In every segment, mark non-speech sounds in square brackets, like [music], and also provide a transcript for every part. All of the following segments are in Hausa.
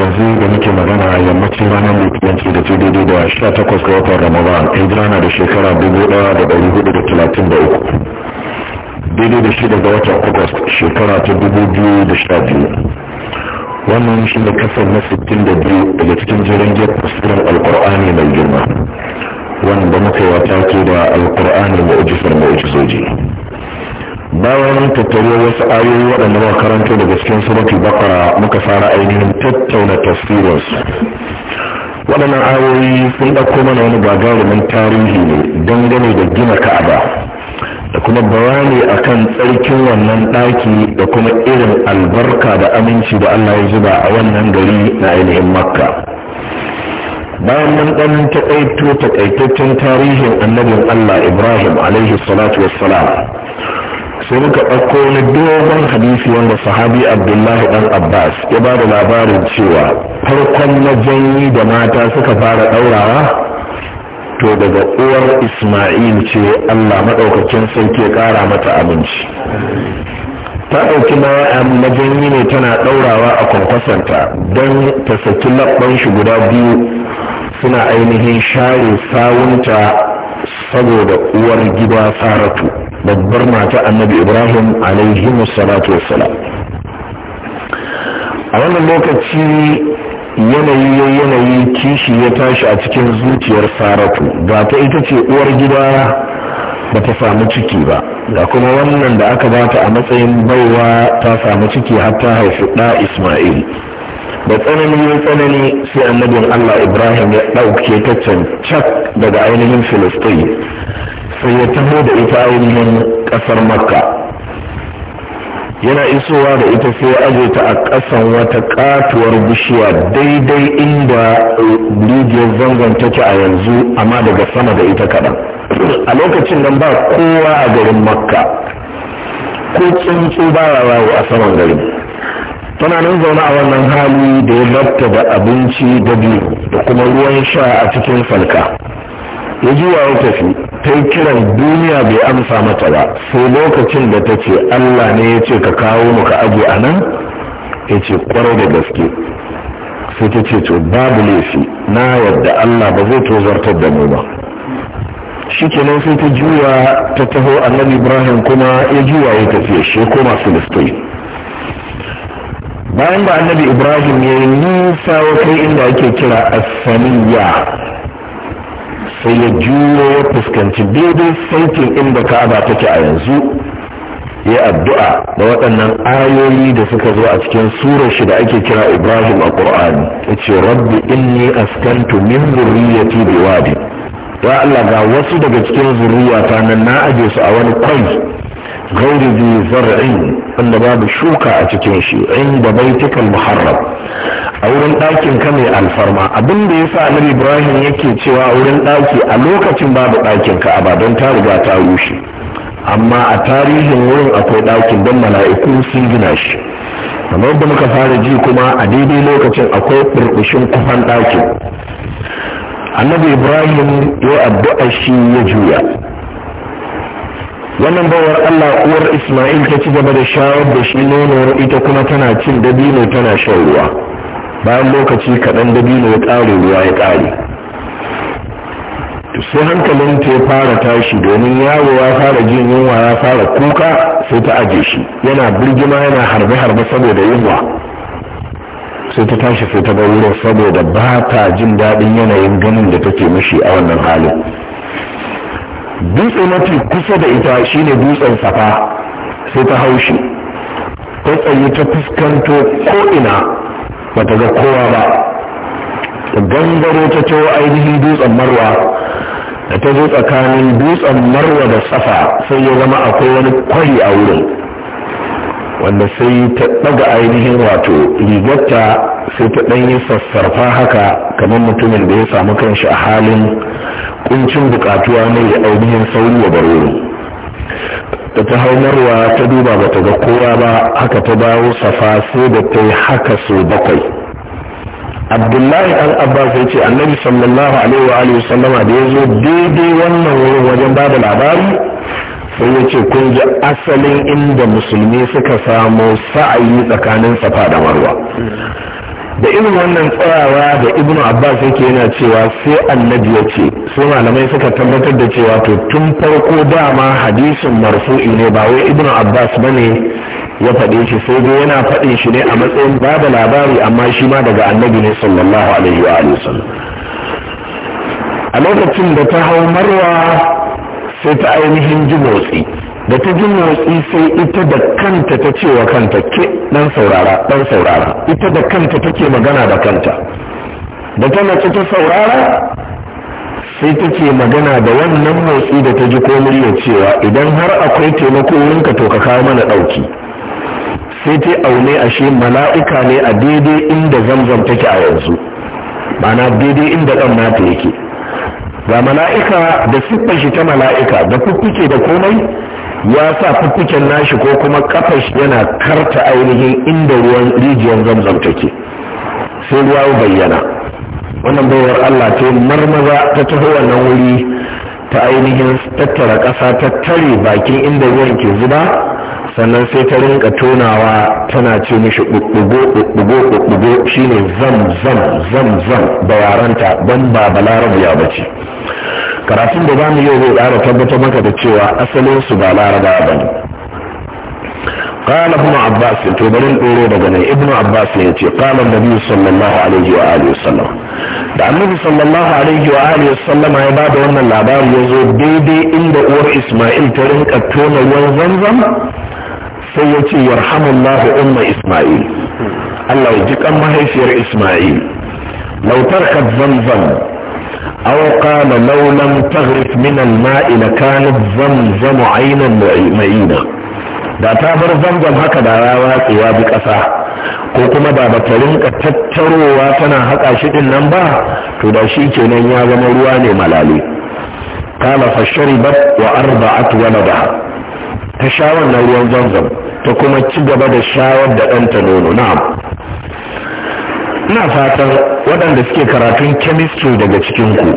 yanzu da muke magana yammacin ranar litinin da ce daidai da sha takwas ga watan ramadan hijira na da shekara dubu ɗaya da dari hudu da talatin da uku daidai da shida ga watan august shekara ta dubu biyu da sha biyu wannan shi ne kasar na sittin da biyu daga cikin jiran gyar tasirin alkur'ani mai girma wanda muka yi wa take da alkur'ani mai ujisar mai ujizoji bayan tattaro wasu ayoyi waɗanda muka karanta daga cikin suratul baqara muka fara ainihin tattauna tafsirin su waɗannan ayoyi sun ɗauko mana wani gagarumin tarihi ne dangane da gina ka'aba da kuma bayani akan tsarkin wannan ɗaki da kuma irin albarka da aminci da Allah ya zuba a wannan gari na ainihin makka bayan mun ɗan taƙaito taƙaitaccen tarihin annabin Allah Ibrahim alaihi salatu wassalam sai muka ɗauko wani dogon hadisi wanda sahabi abdullahi ɗan abbas ya ba da labarin cewa farkon na janyi da mata suka fara ɗaurawa to daga uwar isma'il ce allah maɗaukakin sarki ya ƙara mata aminci ta ɗauki na janyi ne tana ɗaurawa a kwankwasanta don ta saki labban shi guda biyu suna ainihin share sawunta saboda uwar gida saratu babbar mata annabi ibrahim alaihi salatu wassalam a wannan lokaci yanayi ya yanayi kishi ya tashi a cikin zuciyar saratu ba ta ita ce uwar gida ba ta samu ciki ba da kuma wannan da aka bata a matsayin baiwa ta samu ciki har ta haifi ɗa ismail da tsananin ya tsanani sai annabin Allah Ibrahim ya ɗauke ta cak daga ainihin Filistai sai ya taho da ita ainihin ƙasar Makka yana isowa da ita sai ya aje ta a ƙasan wata katuwar bishiya daidai inda eh, rijiyar zangon take a yanzu amma daga sama da ita kaɗan a lokacin nan ba kowa a garin Makka ko tsuntsu ba yawo a saman garin tana nan zaune a wannan hali da ya latta da abinci da biyu da kuma ruwan sha a cikin falka ya ji wa tafi ta yi kiran duniya bai amsa mata ba sai lokacin da ta ce allah ne ya ce ka kawo mu ka aje a nan ya ce kwarar da gaske sai ta ce to babu laifi na yadda allah ba zai tozartar da mu ba shikenan sai ta juya ta taho annabi ibrahim kuma ya juya ya tafiya shi ya koma filistin bayan ba annabi ibrahim ya yi nisa wa kai inda ake kira asaniya sai ya juyo ya fuskanci daidai saitin inda ka'aba take a yanzu ya addu'a da waɗannan ayoyi da suka zo a cikin surar shi da ake kira ibrahim a ƙur'ani ya ce rabbi inni askantu min zurriyati biwadi ya allah ga wasu daga cikin zurriyata nan na aje su a wani kwai gauri ذي زرع wanda babu shuka a cikin shi da baitika muharram a wurin ɗakin ka mai alfarma abin da yasa annabi ibrahim yake cewa wurin ɗaki a lokacin babu ɗakin ka ba don ta riga ta rushe amma a tarihin wurin akwai ɗakin don mala'iku sun gina shi kamar da muka fara ji kuma a daidai lokacin akwai burbushin kufan ɗakin annabi ibrahim ya addu'a shi ya juya wannan bawar Allah uwar Ismail ta ci gaba da shawar da shi nono ita kuma tana cin dabino tana shan ruwa bayan lokaci kaɗan dabino ya ƙare ruwa ya ƙare sai hankalin ta ya fara tashi domin yaro ya fara jin yunwa ya fara kuka sai ta aje shi yana birgima yana harbe-harbe saboda yunwa sai ta tashi sai ta bar wurin saboda ba ta jin daɗin yanayin ganin da take mashi a wannan halin dutse mafi kusa da ita shine dutsen safa sai ta haushi ta tsaye ta fuskanto ko'ina ta ga kowa ba gangaro ta ciwo ainihin dutsen marwa da ta zo tsakanin dutsen marwa da safa sai ya zama akwai wani kwari a wurin wanda sai ta ɗaga ainihin wato rigarta sai ta ɗanyi sassarfa haka kamar mutumin da ya samu kanshi a halin kuncin bukatuwa ne ya ainihin sauri wa barwuri da ta haunarwa ta duba bata ga kowa ba haka ta dawo safa sai da ta yi haka sau bakwai abdullahi an abbas ya ce annabi sallallahu alaihi wa alihi sallama da ya zo daidai wannan wurin wajen ba da labari sai ya ce kun ji asalin inda musulmi suka samu sa'ayi tsakanin safa da marwa da irin wannan tsayawa da ibnu abbas yake yana cewa sai annabi ya ce sai malamai suka tabbatar da cewa to tun farko dama hadisin marfu'i ne ba wai ibnu abbas ba ne ya faɗe shi sai dai yana faɗin shi ne a matsayin babu labari amma shi ma daga annabi ne sallallahu alaihi wa alihi sallam, a lokacin da ta hau marwa sai ta ainihin ji motsi da ta ji motsi sai ita da kanta ta ce kanta ke dan saurara dan saurara ita da kanta take magana da kanta da ta mace ta saurara sai ta take magana da wannan motsi da ta ji ko murya cewa idan har akwai taimako wurinka to ka kawo mana ɗauki sai ta aune ashe mala'ika ne a daidai inda zamzam take a yanzu mana daidai inda ɗan nata yake ga mala'ika da siffar shi ta mala'ika da fuffuke da komai ya sa fuffuken nashi ko kuma kafar shi yana karta ainihin inda ruwan rijiyar zamzam take sai ruwa bayyana wannan baiwar Allah ce marmaza ta taho wannan wuri ta ainihin tattara ƙasa ta tare bakin inda ruwan ke zuba sannan sai ta rinka tonawa tana ce mishi ɓuɓɓugo ɓuɓɓugo ɓuɓɓugo shine zam zam zam zam da yaranta don ba balarabiya ya bace karatun da za mu yau zai ƙara tabbatar maka da cewa asalin su ba laraba ba ne قال ابن عباس توبرين اورو دغنا ابن عباس يتي قال النبي صلى الله عليه واله وسلم da annabi sallallahu alaihi wa alihi wasallam ya ba da wannan labari ya zo daidai inda uwar isma'il ta rinka tona ruwan zamzam sai ya ce yarhamullahu umma isma'il Allah ya ji kan mahaifiyar isma'il lautar tarkat zamzam aw qala law lam taghrif min al-ma'i lakanat zamzam 'aynan da ta bar zamzam haka da ya watsewa bi ƙasa ko kuma da ba ta rinka tattarowa tana haƙa shi din nan ba to da shi kenan ya zama ruwa ne malali kala fasharibat wa arba'at walada ta sha wannan ruwan zamzam ta kuma ci gaba da shawar da ɗanta nono na. ina fatan waɗanda suke karatun chemistry daga cikin ku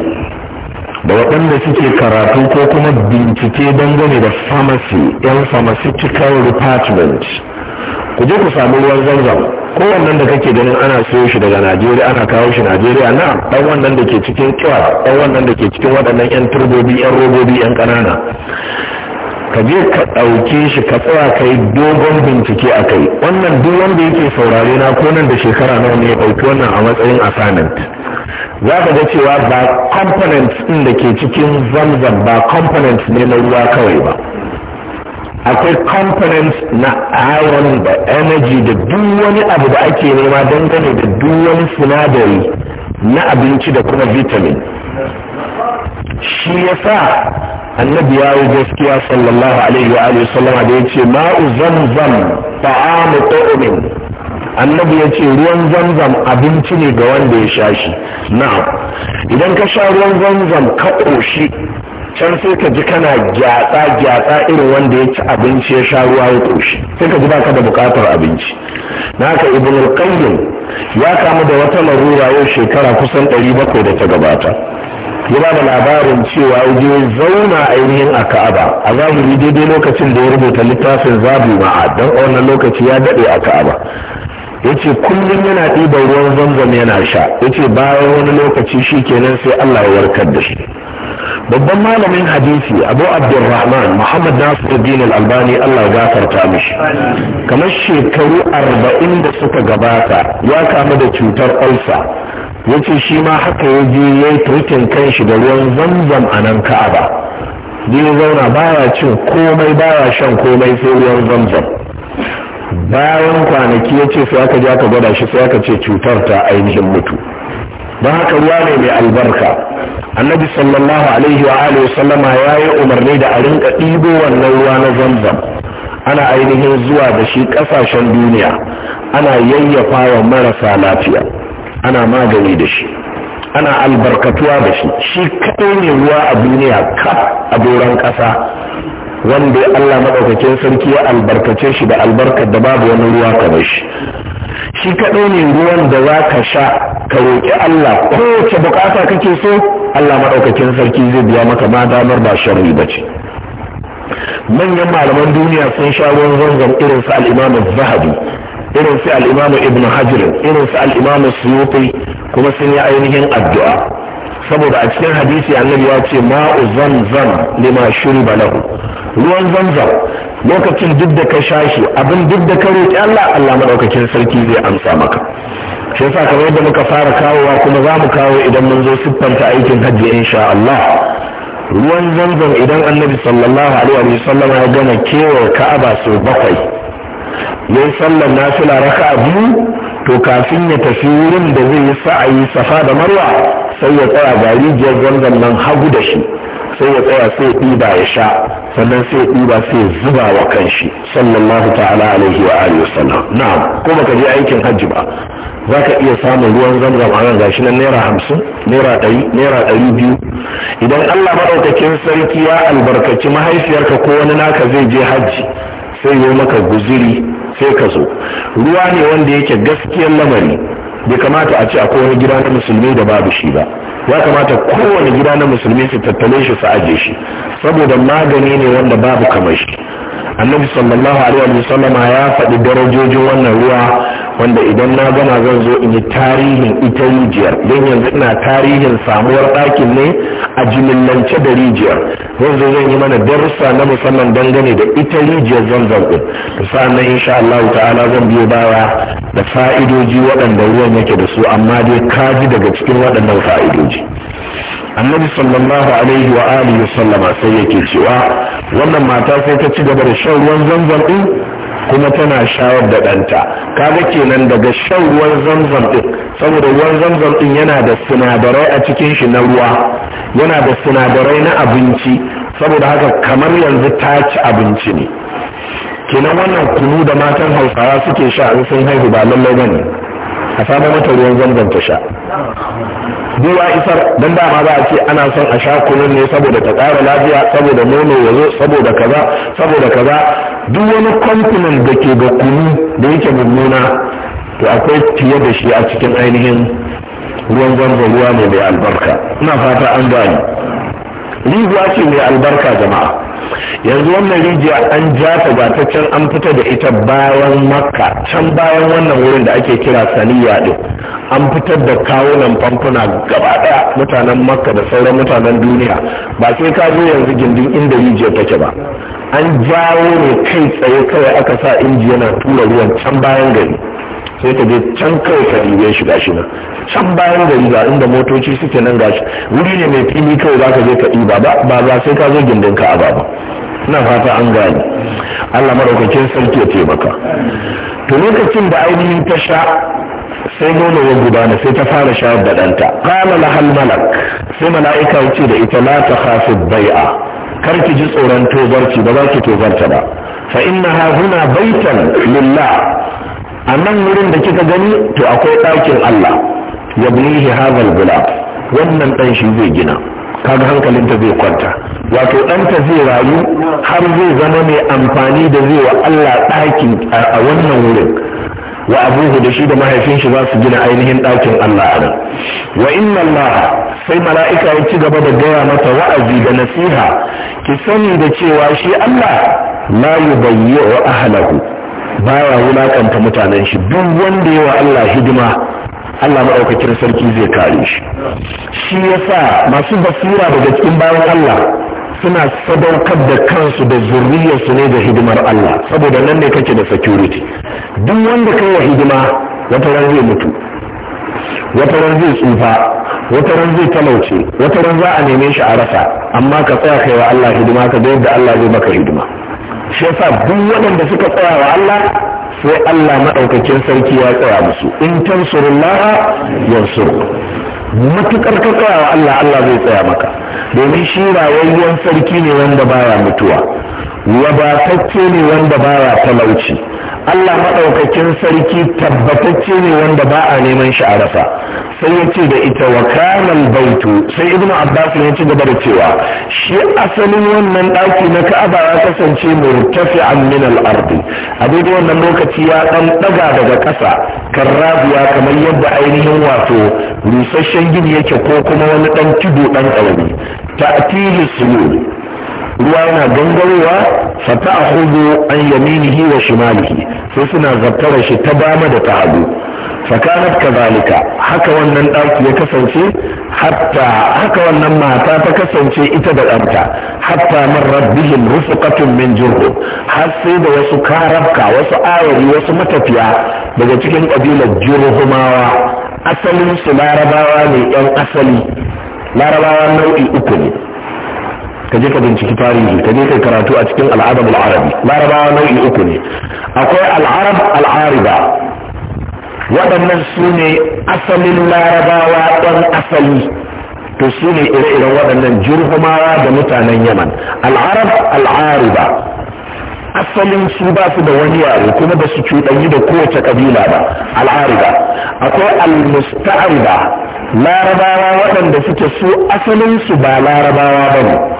da waɗanda suke karatu ko kuma bincike dangane da pharmacy yan pharmaceutical department ku je ku sami ruwan zanzan ko da kake ganin ana siyo shi daga najeriya ana kawo shi najeriya na ɗan wannan da ke cikin kiwa ɗan wannan da ke cikin waɗannan yan turbobi yan robobi yan ƙanana ka je ka ɗauke shi ka tsaya kai dogon bincike a kai wannan duk wanda yake saurare na ko nan da shekara nawa ne ya ɗauki wannan a matsayin assignment za ka ga cewa ba components ɗin da ke cikin zamzam ba components ne na ruwa kawai ba akwai components na iron da energy da duk wani abu da ake nema dangane da duk wani sinadari na abinci da kuma vitamin shi ya sa. annabi ya yi gaskiya sallallahu alaihi wa alihi sallama da ya ce ma'u zamzam ta'amu qaumin annabi yace ruwan zamzam abinci ne ga wanda ya sha shi na'am idan ka sha ruwan zamzam ka koshi can sai ka ji kana gyatsa gyatsa irin wanda ya ci abinci ya sha ruwa ya koshi sai ka ji baka da bukatar abinci na haka ibn al ya kamu da wata larura yau shekara kusan 700 da ta gabata ya bada da labarin cewa ya je zauna ainihin a ka'aba a zahiri daidai lokacin da ya rubuta littafin zabi ma'a don a wannan lokaci ya daɗe a ka'aba ya ce kullum yana ɗiban ruwan zamzam yana sha ya ce bayan wani lokaci shi kenan sai allah ya warkar da shi babban malamin hadisi abu abdulrahman muhammad nasiruddin al-albani allah gafarta mishi kamar shekaru arba'in da suka gabata ya kamu da cutar ulsa ya ce shi ma haka ya je ya yi turkin shi da ruwan zamzam a nan ka'aba ya zauna baya cin komai baya shan komai sai ruwan zamzam bayan kwanaki ya ce sai aka je aka gwada shi sai aka ce cutar ta ainihin mutu don haka ruwa ne mai albarka annabi sallallahu alaihi wa alihi sallama ya yi umarni da a rinka ɗibo wannan ruwa na zamzam ana ainihin zuwa da shi ƙasashen duniya ana yayyafa wa marasa lafiya ana magani da shi ana albarkatuwa da shi shi kaɗai ne ruwa a duniya ka a doron ƙasa wanda Allah maɗaukakin sarki ya albarkace shi da albarkar da babu wani ruwa kamar shi shi kaɗai ne ruwan da za ka sha ka roƙi Allah kowace bukata kake so Allah maɗaukakin sarki zai biya maka ma damar ba sharri ba ce manyan malaman duniya sun sha ruwan zanzan irin su al'imamin zahabi irin su al'imamu ibn hajar irin su al'imamu suyuti kuma sun yi ainihin addu'a saboda a cikin hadisi annabi ya ce ma'u zamzam ma shuriba lahu ruwan zamzam lokacin duk da ka sha shi abin duk da ka roƙi Allah Allah madaukakin sarki zai amsa maka shi yasa kamar yadda muka fara kawowa kuma za mu kawo idan mun zo siffanta aikin hajji insha Allah ruwan zamzam idan annabi sallallahu alaihi wa ya gama kewar ka'aba sau bakwai ya yi sallar nafila raka a biyu to kafin ya tafi wurin da zai yi sa'ayi safa da marwa sai ya tsaya ga rijiyar zanzan nan hagu da shi sai ya tsaya sai ɗiba ya sha sannan sai ya ɗiba sai ya zuba wa kanshi sallallahu ta'ala alaihi wa alihi wasallam na'am ko baka je aikin hajji ba zaka iya samun ruwan zamzam a nan gashi nan naira hamsin naira ɗari naira ɗari biyu idan allah maɗaukakin sarki ya albarkaci mahaifiyarka ko wani naka zai je hajji sai yi maka guziri sai ka zo ruwa ne wanda yake gaskiyar lamari bai kamata a ce a wani gida na musulmi da babu shi ba ya kamata kowane gida na musulmi su tattale shi su ajiye shi saboda magani ne wanda babu kamar shi annabi sallallahu alaihi wa sallama ya faɗi darajojin wannan ruwa wanda idan na gama zan zo in yi tarihin ita rijiyar don yanzu ina tarihin samuwar ɗakin ne a jimillance da rijiyar zan zo zan yi mana darussa na musamman dangane da ita rijiyar zanzan ɗin sa'annan insha Allah ta'ala zan biyo baya da fa'idoji waɗanda ruwan yake da su amma dai kaji daga cikin waɗannan fa'idoji annabi sallallahu alaihi wa alihi sallama sai yake cewa wannan mata sai ta ci gaba da shan ruwan zanzan ɗin kuma tana shawar da ɗanta kaga kenan daga shan ruwan zamzam ɗin saboda ruwan zamzam ɗin yana da sinadarai a cikin shi na ruwa yana da sinadarai na abinci saboda haka kamar yanzu ta ci abinci ne kenan wannan kunu da matan hausawa suke sha in sun haihu ba lallai bane a samu mata ruwan zamzam ta sha duwa isar dan dama za a ce ana son a sha kunun ne saboda ta ƙara lafiya saboda nono ya zo saboda kaza saboda kaza duk wani compliment da ke ga kunu da yake mummuna to akwai fiye da shi a cikin ainihin ruwan zanzo ruwa ne mai albarka ina fata an gani rijiya ce mai albarka jama'a yanzu wannan rijiya an ja ta gataccen an fita da ita bayan makka can bayan wannan wurin da ake kira saniya din an fitar da kawunan famfuna gaba daya mutanen makka da sauran mutanen duniya ba sai ka zo yanzu gindin inda rijiyar take ba an jawo ne kai tsaye kawai aka sa inji yana tura ruwan can bayan gari sai ka je can kai ka ɗibe shi shi nan can bayan gari ga inda motoci suke nan gashi wuri ne mai fili kawai za ka je ka ɗiba ba ba za sai ka zo gindin ka aba ba ina fata an gane Allah maɗaukakin sarki ya taimaka to lokacin da ainihin ta sha sai nono ya gudana sai ta fara shayar da ɗanta kama lahal malak sai mala'ika ya ce da ita la hafi bai'a kar ki ji tsoron tobarci ba za ki tobarta ba fa ha huna baitan lillah a nan wurin da kika gani to akwai ɗakin Allah ya bunihi hazal gula wannan ɗan shi zai gina kaga hankalinta zai kwanta wato ɗanta zai rayu har zai zama mai amfani da zai wa Allah ɗaki a wannan wurin wa abuhu da shi da mahaifin shi za su gina ainihin ɗakin Allah a nan wa inna Allah sai mala'ika ya ci gaba da gaya mata wa'azi da nasiha ki sani da cewa shi Allah la yubayyi'u ahlahu baya wulakanta mutanen shi duk wanda yawa Allah hidima Allah maɗaukakin sarki zai kare shi shi yasa masu basira daga cikin bayan Allah suna sadaukar da kansu da zurriyarsu ne da hidimar Allah saboda nan ne kake da security duk wanda kai wa hidima wata ran zai mutu wata ran zai tsufa wata ran zai talauce wata ran za a neme shi a rasa amma ka tsaya kai wa Allah hidima ka ga yadda Allah zai maka hidima shi yasa duk waɗanda suka tsaya wa Allah sai Allah maɗaukakin sarki ya tsaya musu in tansurullah yansur matukar ka tsaya wa Allah Allah zai tsaya maka domin shi rayayyen sarki ne wanda baya mutuwa wadatacce ne wanda baya talauci Allah maɗaukakin sarki tabbatacce ne wanda ba a neman shi a rasa sai ya ce da ita wa kanal baitu sai ibnu abbas ya ci gaba da cewa shi asalin wannan ɗaki na ka'aba ya kasance murtafi'an min al-ardi a daidai wannan lokaci ya ɗan ɗaga daga ƙasa karrabiya kamar yadda ainihin wato rusasshen gini yake ko kuma wani ɗan tudu ɗan ƙarami ta'tihi sulul ruwa yana gangarowa fata a hudu an yaminihi wa shimalihi sai suna zartara shi ta dama da ta hagu fakanat kazalika haka wannan ɗaki ya kasance hatta haka wannan mata ta kasance ita da ɗanta hatta marrat bihim rufuqatun min jurhum har sai da wasu karabka wasu ayari wasu matafiya daga cikin ƙabilar jurhumawa asalin su larabawa ne yan asali larabawa nau'i uku ne ka je ka binciki tarihi ka je kai karatu a cikin al'adab al'arabi larabawa nau'i uku ne akwai al'arab al'ariba waɗannan su ne asalin larabawa ɗan asali to su ne ire-iren waɗannan jirhumawa da mutanen yaman al'arab al'ariba asalin su ba su da wani yare kuma ba su cuɗanyi da kowace ƙabila ba al'ariba akwai al-musta'ariba larabawa waɗanda suke su asalin su ba larabawa ba ne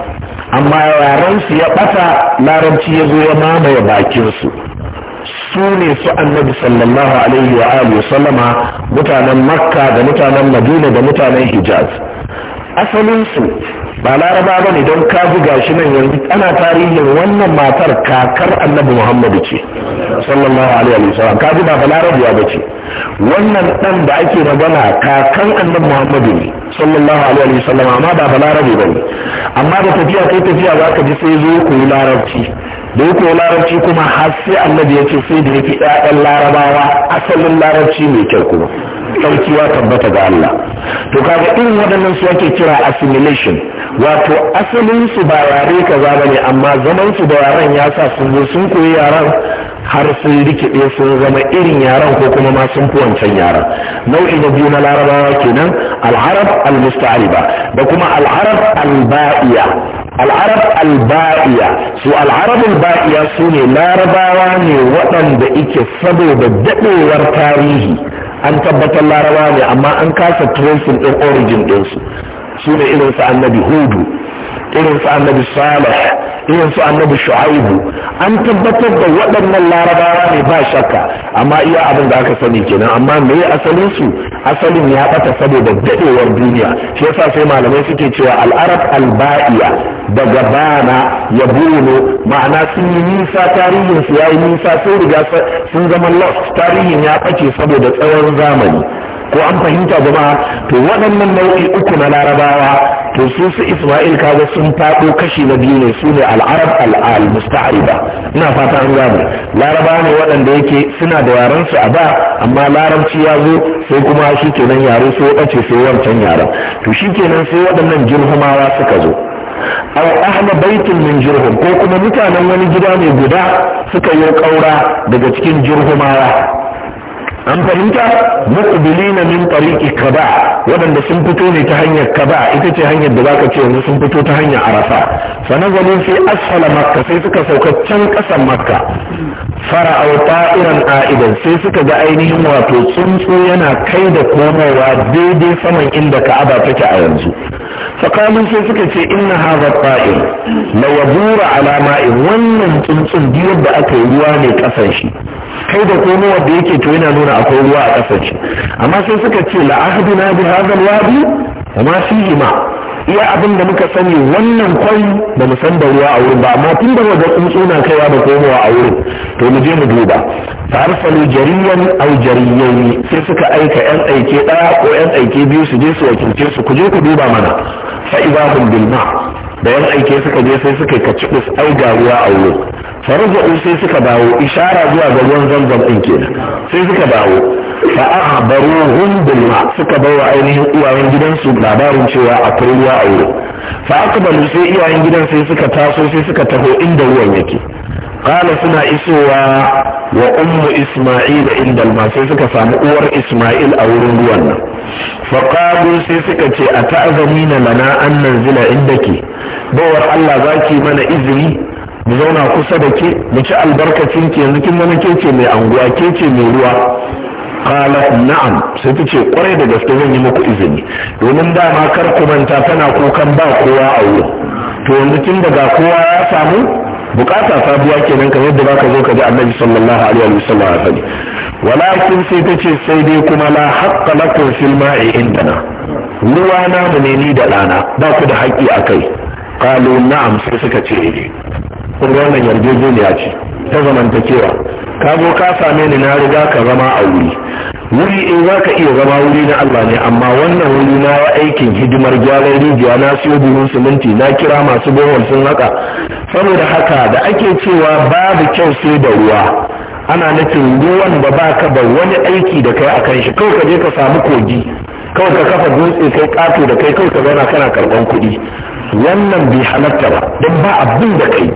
amma yarensu ya ɓata larabci ya zo ya mamaye bakinsu su ne su annabi sallallahu alaihi wa alihi sallama mutanen makka da mutanen madina da mutanen hijaz asalinsu ba laraba ba ne don ka buga shi nan yanzu ana tarihin wannan matar kakar annabi muhammadu ce sallallahu alaihi wa sallam ka buga ba larabiya ba ce wannan dan da ake magana kakan annabi muhammadu ne sallallahu alaihi wa sallam amma ba balarabe ba ne amma da tafiya kai tafiya za ka ji sai zo ku yi larabci da ku yi larabci kuma har sai annabi ya ce sai da ya fi ɗaɗan larabawa asalin larabci mai kyau kuma sauki ya tabbata ga Allah to kaga irin waɗannan su ake kira assimilation wato asalin su ba yare kaza ne amma zaman su da yaren ya sa sun zo sun koyi yaren har sun rikide sun zama irin yaren ko kuma ma sun fi wancan yaren nau'i na biyu na larabawa kenan al'arab al da kuma al'arab al-ba'iya al'arab al-ba'iya su al'arab al-ba'iya su ne larabawa ne waɗanda ike saboda daɗewar tarihi an tabbatar laraba ne amma an kasa tracing din origin ɗinsu su ne irin su annabi hudu irin su annabi salih irin su annabi shu'aibu an tabbatar da waɗannan larabawa ne ba shakka amma iya abin da aka sani kenan amma me asalin su asalin ya bata saboda dadewar duniya shi yasa sai malamai suke cewa al'arab alba'iya daga bana ya buno ma'ana sun yi nisa tarihin su yayi nisa sun riga sun zama lost tarihin ya bace saboda tsawon zamani ko an fahimta jama'a to waɗannan nau'i uku na larabawa to su su isma'il kaga sun faɗo kashi na biyu ne su ne al'arab al'al musta'ariba ina fata an gano laraba ne waɗanda yake suna da yaran su a ba amma larabci ya zo sai kuma shi kenan yare sai ya ɓace sai wancan yaren to shi kenan sai waɗannan jirhumawa suka zo aw ahla baitin min jirhum ko kuma mutanen wani gida ne guda suka yi ƙaura daga cikin jirhumawa an fahimta muqbilina min tariqi kaba wadanda sun fito ne ta hanyar kaba ita ce hanyar da zaka ce yanzu sun fito ta hanyar arafa fa sai fi asfala makka sai suka sauka can kasan makka fara'au ta'iran a'idan sai suka ga ainihin wato tsuntsu yana kai da komowa daidai saman inda ka'aba take a yanzu fakalin sai suka ce inna hadha ta'ir la yadura ala ma'in wannan tsuntsun duk da aka yi ruwa ne kasan shi kai da komowa da yake to yana nuna akwai ruwa a ƙasar shi amma sai suka ce na bi hadhal wadi wa ma fihi ma iya abin da muka sani wannan kwai da mu san da ruwa a wurin ba amma tun da wajen tsuntsu na kaiwa da komowa a wurin to mu je mu duba farsalu jariyan au jariyayi sai suka aika yan aike ɗaya ko yan aike biyu su je su wakilce su ku je ku duba mana fa idahum bil ma' da yan aike suka je sai suka kaci kus ai ga ruwa a wurin farzu sai suka dawo ishara zuwa ga ruwan zamzam din kenan sai suka dawo fa akhbaruhum bil ma suka bawa ainihin uwayen gidansu labarin cewa akwai ruwa a wurin fa akbalu sai iyayen gidan sai suka taso sai suka taho inda ruwan yake kala suna isowa wa ummu isma'il inda sai suka samu uwar isma'il a wurin ruwan nan faƙaɗu sai suka ce a ta'azami na lana an nan zila inda ke bawar allah za ki mana izini mu zauna kusa da ke mu ci albarkacin ke yanzu kin zama ke ce mai anguwa ke ce mai ruwa qalat na'am sai ta ce kwarai da gaske zan yi muku izini domin dama kar ku manta tana kukan ba kowa a wurin to yanzu kin daga kowa ya samu bukata sabuwa kenan kamar yadda baka zo ka ji annabi sallallahu alaihi wa walakin sai ta ce sai dai kuma la haƙƙa lakum fil ma'i indana ruwa namu ne ni da ɗana ba ku da haƙƙi a kai kalu na'am sai suka ce ne eh. kun ga wannan yarjejeniya ce ta zamantakewa ka zo ka same ni na riga ka zama a wuri wuri in eh, za ka iya zama wuri na Allah ne amma wannan wuri na aikin hidimar gyaran rijiya na siyo buhun siminti na kira masu bohol sun haka saboda haka da ake cewa babu kyau sai da ruwa ana nufin ruwan da ka da wani aiki da kai akan shi kawai ka je ka samu kogi kawai ka kafa dutse kai kato da kai kawai ka zauna kana karɓan kuɗi wannan bai halatta ba don ba abin da kai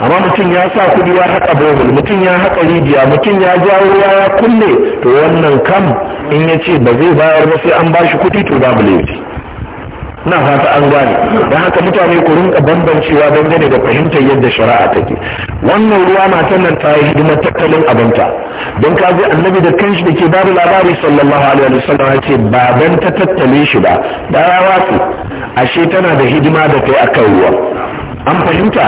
amma mutum ya sa kuɗi ya haƙa bohol mutum ya haƙa rijiya mutum ya jawo ruwa ya kulle to wannan kam in ya ce ba zai bayar ba sai an ba shi kuɗi to babu laifi na fata an gane don haka mutane ku rinka bambancewa dangane da fahimtar yadda shari'a take wannan ruwa matan nan ta yi hidimar tattalin abinta don ka ji annabi da kanshi da ke babu labari sallallahu alaihi wa sallam ya ce ba dan ta tattale shi ba da ya wasu ashe tana da hidima da kai kan ruwa an fahimta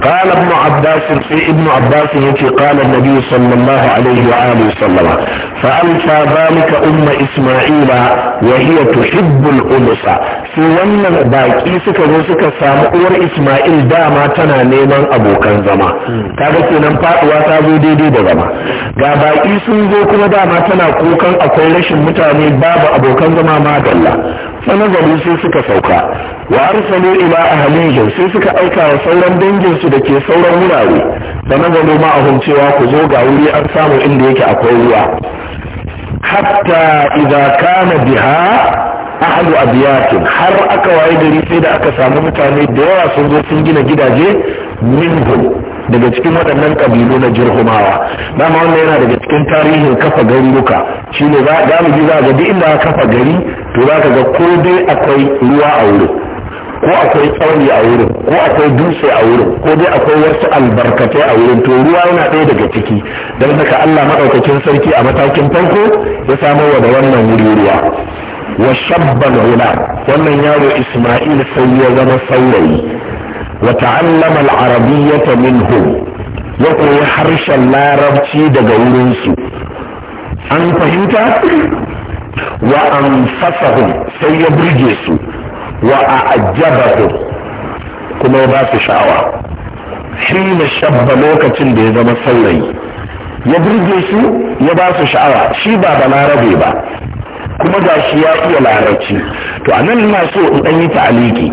qala ibn abbas ibn abbas yace qala nabi sallallahu alaihi wa alihi sallama fa alfa zalika umma isma'ila Yahiyatu, hiya tuhibbu sai wannan baƙi suka zo suka samu uwar isma'il dama tana neman abokan zama kaga kenan faɗuwa ta zo daidai da zama ga baƙi sun zo kuma dama tana kukan akwai rashin mutane babu abokan zama ma dalla fa nazaru sai suka sauka wa a ila ahlihim sai suka aika wa sauran danginsu da ke sauran wurare da ga gano ma'ahun cewa ku zo ga wuri an samu inda yake akwai ruwa hatta idza kana biha ahlu abiyatin har aka waye gari sai da aka samu mutane da yawa sun zo sun gina gidaje minhum daga cikin waɗannan ƙabilu na jirhumawa dama wannan yana daga cikin tarihin kafa garuruka shine ne za ga duk inda kafa gari to za ka ga ko dai akwai ruwa a wurin ko akwai tsauni a wurin ko akwai dutse a wurin ko dai akwai wasu albarkatai a wurin to ruwa yana ɗaya daga ciki don haka Allah maɗaukakin sarki a matakin farko ya samo wa da wannan wuri ruwa wa shabban hula wannan yaro Isma'il sai ya zama saurayi wa ta'allama al minhu ya koyi harshen larabci daga wurinsu an fahimta wa anfasahum sai ya burge su wa a'ajjabahu kuma ya ba su sha'awa shi da shabba lokacin da ya zama saurayi ya burge su ya ba su sha'awa shi ba balarabe ba kuma ga shi ya iya larabci to a nan ina so in ɗanyi yi ta'aliki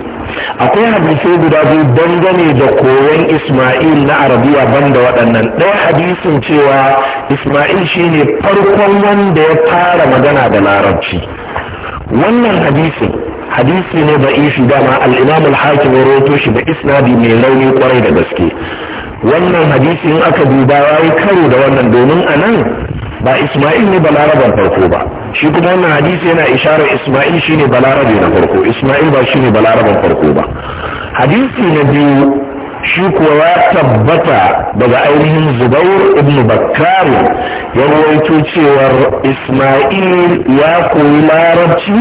akwai hadisai guda biyu dangane da koyon isma'il na arabiya banda waɗannan ɗaya hadisin cewa isma'il shine farkon wanda ya fara magana da larabci wannan hadisin hadisi ne da ifi dama al-imam al-hakim ya rawaito shi da isnadi mai rauni kwarai da gaske wannan hadisi in aka duba yayi karo da wannan domin anan ba Ismail ne balaraban farko ba shi kuma wannan hadisi yana isharar Ismail shine balarabe na farko Ismail ba shine balaraban farko ba hadisi na biyu shi kuwa ya tabbata daga ainihin zubair ibn bakkar ya rawaito cewar isma'il ya koyi larabci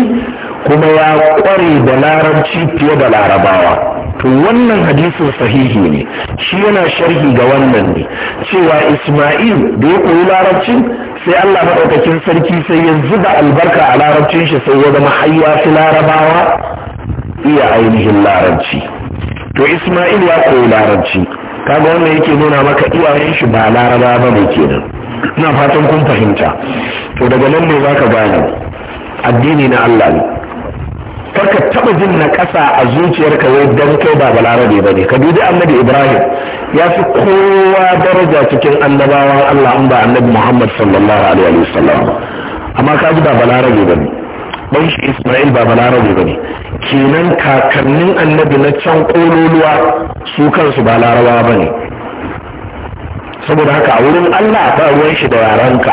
kuma ya kware da larabci fiye da larabawa to wannan hadisin sahihi ne shi yana sharhi ga wannan ne cewa isma'il da ya koyi larabcin sai allah maɗaukakin sarki sai ya zuba albarka a larabcin shi sai ya zama hayya fi larabawa iya ainihin larabci to Isma'il ya koyi larabci kaga wannan yake nuna maka iyayen shi ba laraba ba ne kenan ina fatan kun fahimta to daga nan ne zaka gane addini na Allah ne karka taba jin na ƙasa a zuciyarka wai dan kai ba balarabe ba ne ka dubi annabi ibrahim ya fi kowa daraja cikin annabawan allah an ba annabi muhammad sallallahu alaihi wasallam amma ka ji ba balarabe ba ne Ban shi Ismail ba balarabe ne. kenan kakannin annabi na can kololuwa su kansu ba ba ne. saboda haka a wurin Allah ba ruwan shi da yaranka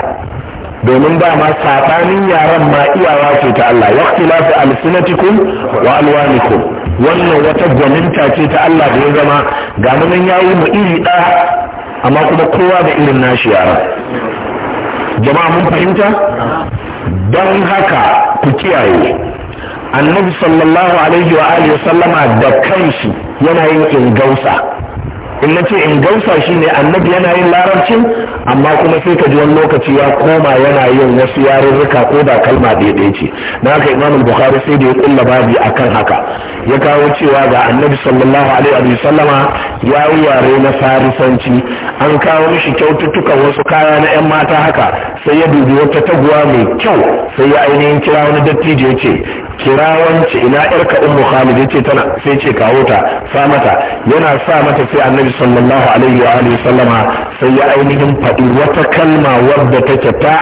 domin ba ma saɓanin yaran ma iyawa ce ta Allah lafi alsinatikum wa alwanikun wannan wata gwaminta ce ta Allah da ya zama ga nan yayi mu iri ɗaya amma kuma kowa da irin nashi yaran jama'a mun fahimta don haka ku kiyaye annabi sallallahu alaihi wa alihi sallama da kansu, yana yin ingausa in na ce in gausa shi ne annabi yana yin larabcin amma kuma sai ka ji wani lokaci ya koma yana yin wasu yarurruka ko da kalma daidai ce na haka imamu bukhari sai da ya kulla babi a kan haka ya kawo cewa ga annabi sallallahu alaihi wa sallama ya yi yare na farisanci an kawo mishi kyaututtukan wasu kaya na yan mata haka sai ya dubi wata taguwa mai kyau sai ya ainihin kira wani dattijo ya ce kira wance ina yarka ummu khalid yace tana sai ce kawo ta sa mata yana sa mata sai annabi sallallahu alaihi wa alihi sallama sai ya ainihin faɗi wata kalma wadda take ta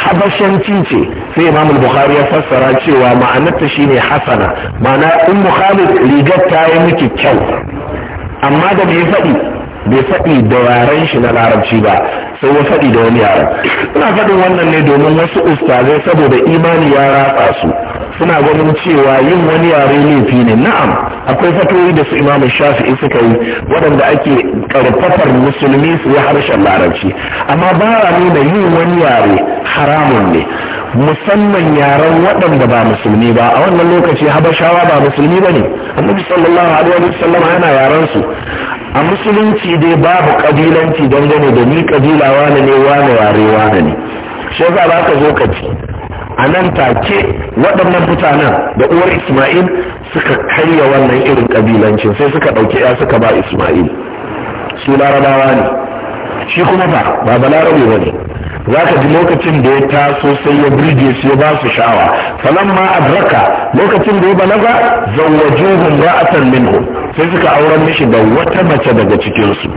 habashanci ce sai imam bukhari ya fassara cewa ma'anarta shine hasana ma'ana ummu khalid rigar ta yi miki kyau amma da bai faɗi bai faɗi da yaren shi na larabci ba sai ya faɗi da wani yara ina faɗin wannan ne domin wasu ustazai saboda imani ya ratsa su suna ganin cewa yin wani yare laifi ne na'am akwai fatoyi da su imamu shafi'i suka yi waɗanda ake karfafar musulmi su yi harshen larabci amma ba nuna yin wani yare haramun ne musamman yaren waɗanda ba musulmi ba a wannan lokaci habashawa ba musulmi ba ne annabi sallallahu alaihi wa sallam yana yaren su a musulunci dai babu kabilanci dangane da ni kabila wane ne wane yare wane ne shi za ba ka zo ka ci a nan take waɗannan mutanen da uwar isma'il suka karya wannan irin kabilancin sai suka ɗauki ya suka ba isma'il su larabawa ne shi kuma ba ba balarabe ba ne za ka ji lokacin da ya taso sai ya burge su ya ba su sha'awa falan ma adraka lokacin da ya balaga zawwajuhum ra'atan minhum sai suka auren mishi da wata mace daga cikin su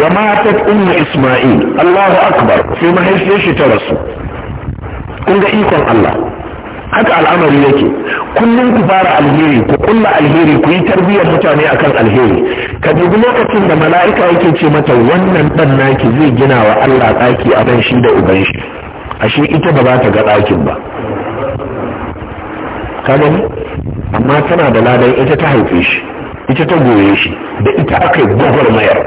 wa matat ummu isma'il Allahu akbar sai mahaifiyar shi ta rasu kun ga ikon Allah haka al'amari yake kullum ku fara alheri ku kulla alheri ku yi tarbiyyar mutane akan alheri ka dubi lokacin da mala'ika yake ce mata wannan ɗan naki zai gina wa Allah ɗaki a shi da uban shi ashe ita ba za ta ga ɗakin ba ka gani amma tana da ladan ita ta haife shi ita ta goye shi da ita aka yi mayar.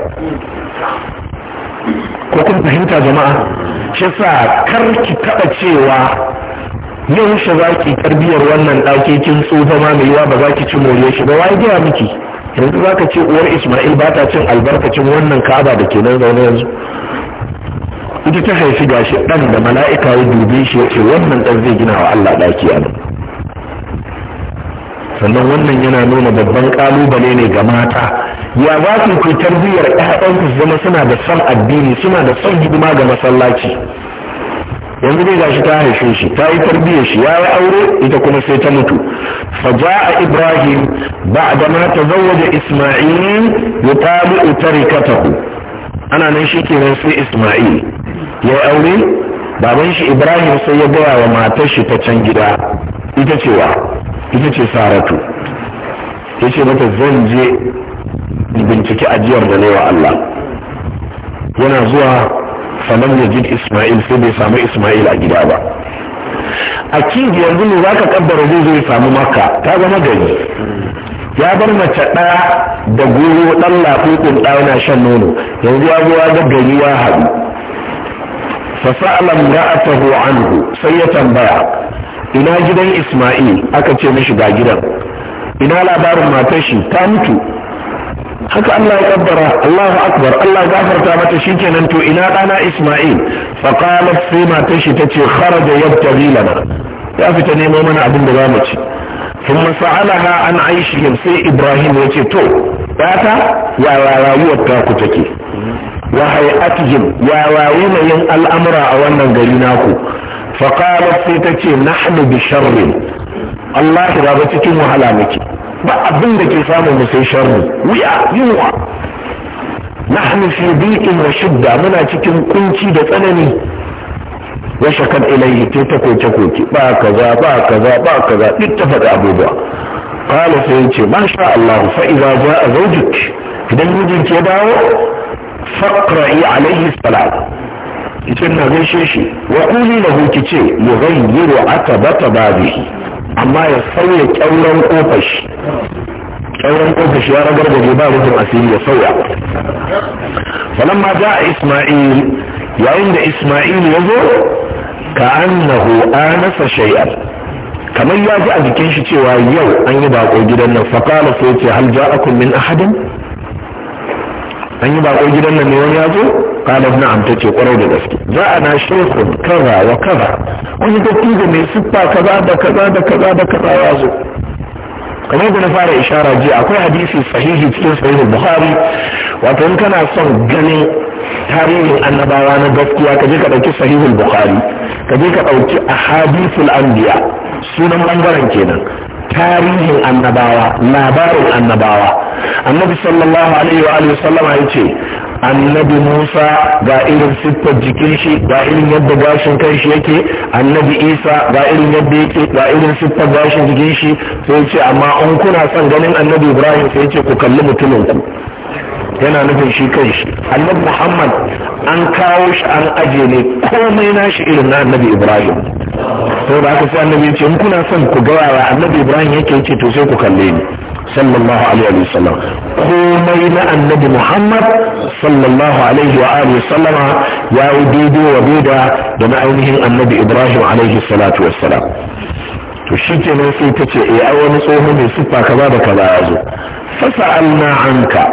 ko kun fahimta jama'a shi sa kar ki taɓa cewa yaushe za ki tarbiyar wannan ɗaki kin tsufa ma mai yiwa ba za ki ci more shi ba Waye gaya miki yanzu za ka ce uwar ismail ba ta cin albarkacin wannan kaba da ke nan zaune yanzu ita ta haifi gashi ɗan da mala'ika ya dube shi ya ce wannan ɗan zai gina wa allah ɗaki a nan sannan wannan yana nuna babban ƙalubale ne ga mata ya za su ku tarbiyyar su zama suna da son addini suna da son hidima ga masallaci yanzu dai gashi ta haife shi ta yi tarbiyyar shi ya yi aure ita kuma sai ta mutu Fa ja'a ibrahim ba'da ma tazawwaja isma'il yutabi'u tarikatahu ana nan shi kenan sai isma'il ya yi aure baban shi ibrahim sai ya gaya wa matar shi ta can gida ita cewa ita ce saratu ya ce mata zan je bincike ajiyar da ne wa allah yana zuwa falam yajid isma'il sai bai samu isma'il a gida ba a kinji yanzu ne za ka kaddara zai zai samu maka ta zama gari ya bar mace ɗaya da goro ɗan lafiƙin ɗa yana shan nono yanzu ya zuwa ya ga gari ya haɗu taho an hu sai ya tambaya ina gidan isma'il aka ce mishi ga gidan ina labarin matashi? ta mutu haka Allah ya kabbara Allahu akbar Allah gafarta mata shikenan to ina ɗana Isma'il fa qalat sai mata shi tace kharaja yabtaghi lana ya fita nemo mana abin da zamu ci thumma sa'alaha an aishihim sai Ibrahim ya ce to Bata ya rayuwar ta ku take wa hay'atihim ya yin al'amura a wannan gari naku fa qalat sai tace nahnu bi sharrin Allah ya cikin wahala muke ba abin da ke samun mu sai sharri wuya yunwa nahnu fi dhiqin wa shidda muna cikin kunci da tsanani ya shakan ilayhi ta ta koke ba kaza ba kaza ba kaza duk ta faɗi abubuwa qala sai yace masha Allah fa idza jaa zawjuk idan mijinki ya dawo faqra'i alayhi salam idan na gaishe shi wa quli lahu kice yughayyiru akabata babihi amma ya sauya kyauran kofar shi kyauran kofar shi ya ragar da ba rufin asiri ya sauya falamma ja isma'il yayin da isma'il ya zo ka an annahu anasa shay'an kamar ya ji a jikin shi cewa yau an yi bako gidan nan fakala sai ce hal ja'akum min ahadin an yi bako gidan nan ne wani ya zo kalaf na amta ce kwarar da gaske za a na shekun kaza wa kaza wani dattijo mai siffa kaza da kaza da kaza da kaza ya zo kamar da na fara ishara jiya akwai hadisi sahihi cikin sahihi buhari wato in kana son ganin tarihin annabawa na gaskiya ka je ka ɗauki sahihul bukhari ka je ka ɗauki ahadithul anbiya sunan bangaren kenan tarihin annabawa labarin annabawa annabi sallallahu alaihi wa alihi sallama ya ce annabi musa ga irin siffar jikin shi ga irin yadda gashin kan shi yake annabi isa ga irin yadda yake ga irin siffar gashin jikin shi sai ce amma in kuna son ganin annabi ibrahim sai ce ku kalli mutumin ku yana nufin shi kai shi annabi muhammad an kawo shi an aje ne komai nashi irin na annabi ibrahim saboda haka sai annabi ya ce in kuna son ku ga annabi ibrahim yake yake to sai ku kalle ni صلى الله عليه وسلم قوم الى النبي محمد صلى الله عليه واله وسلم يا وديد وديدا بمعونه النبي ابراهيم عليه الصلاه والسلام وشيكي نسي تتي اي او نصوه من سبا إيه كذا بكذا يزو فسألنا عنك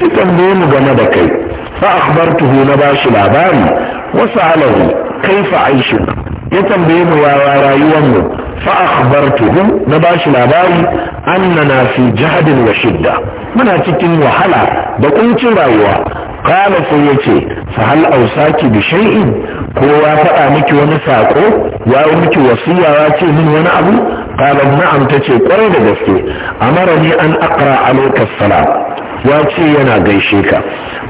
فتنبين جمدك فأخبرته نباش العبان وسأله كيف عيشنا يتنبين ويرايونه fa'akbartuhu na ba shi labari an na na fi jihadin wa shidda muna cikin wahala da kuncin rayuwa kala sai ya ce fahal ausaki bi shai'i ko ya faɗa miki wani saƙo, ya yi miki wasiya ya min wani abu kala na'am ce kwarai da gaske amara ni an akra alaka salam ya yana gaishe ka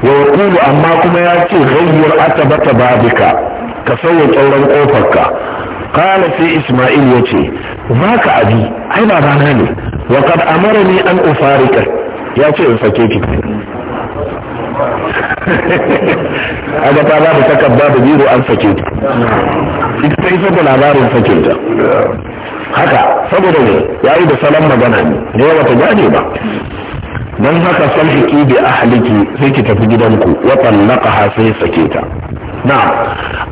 wa yaqulu amma kuma ya ce ghayyir atabata babika ka sauya tsauran kofarka قال في إسماعيل يتي ذاك أبي أين راناني وقد أمرني أن أفارقك يتي أفكيك aga ta ba da takarda da biro an sake ta ita ta isar da labarin sake haka saboda ne ya da salon magana ne da ta gane ba dan haka salhiki bi ahliki sai ki tafi gidanku wa tallaqaha sai sake ta na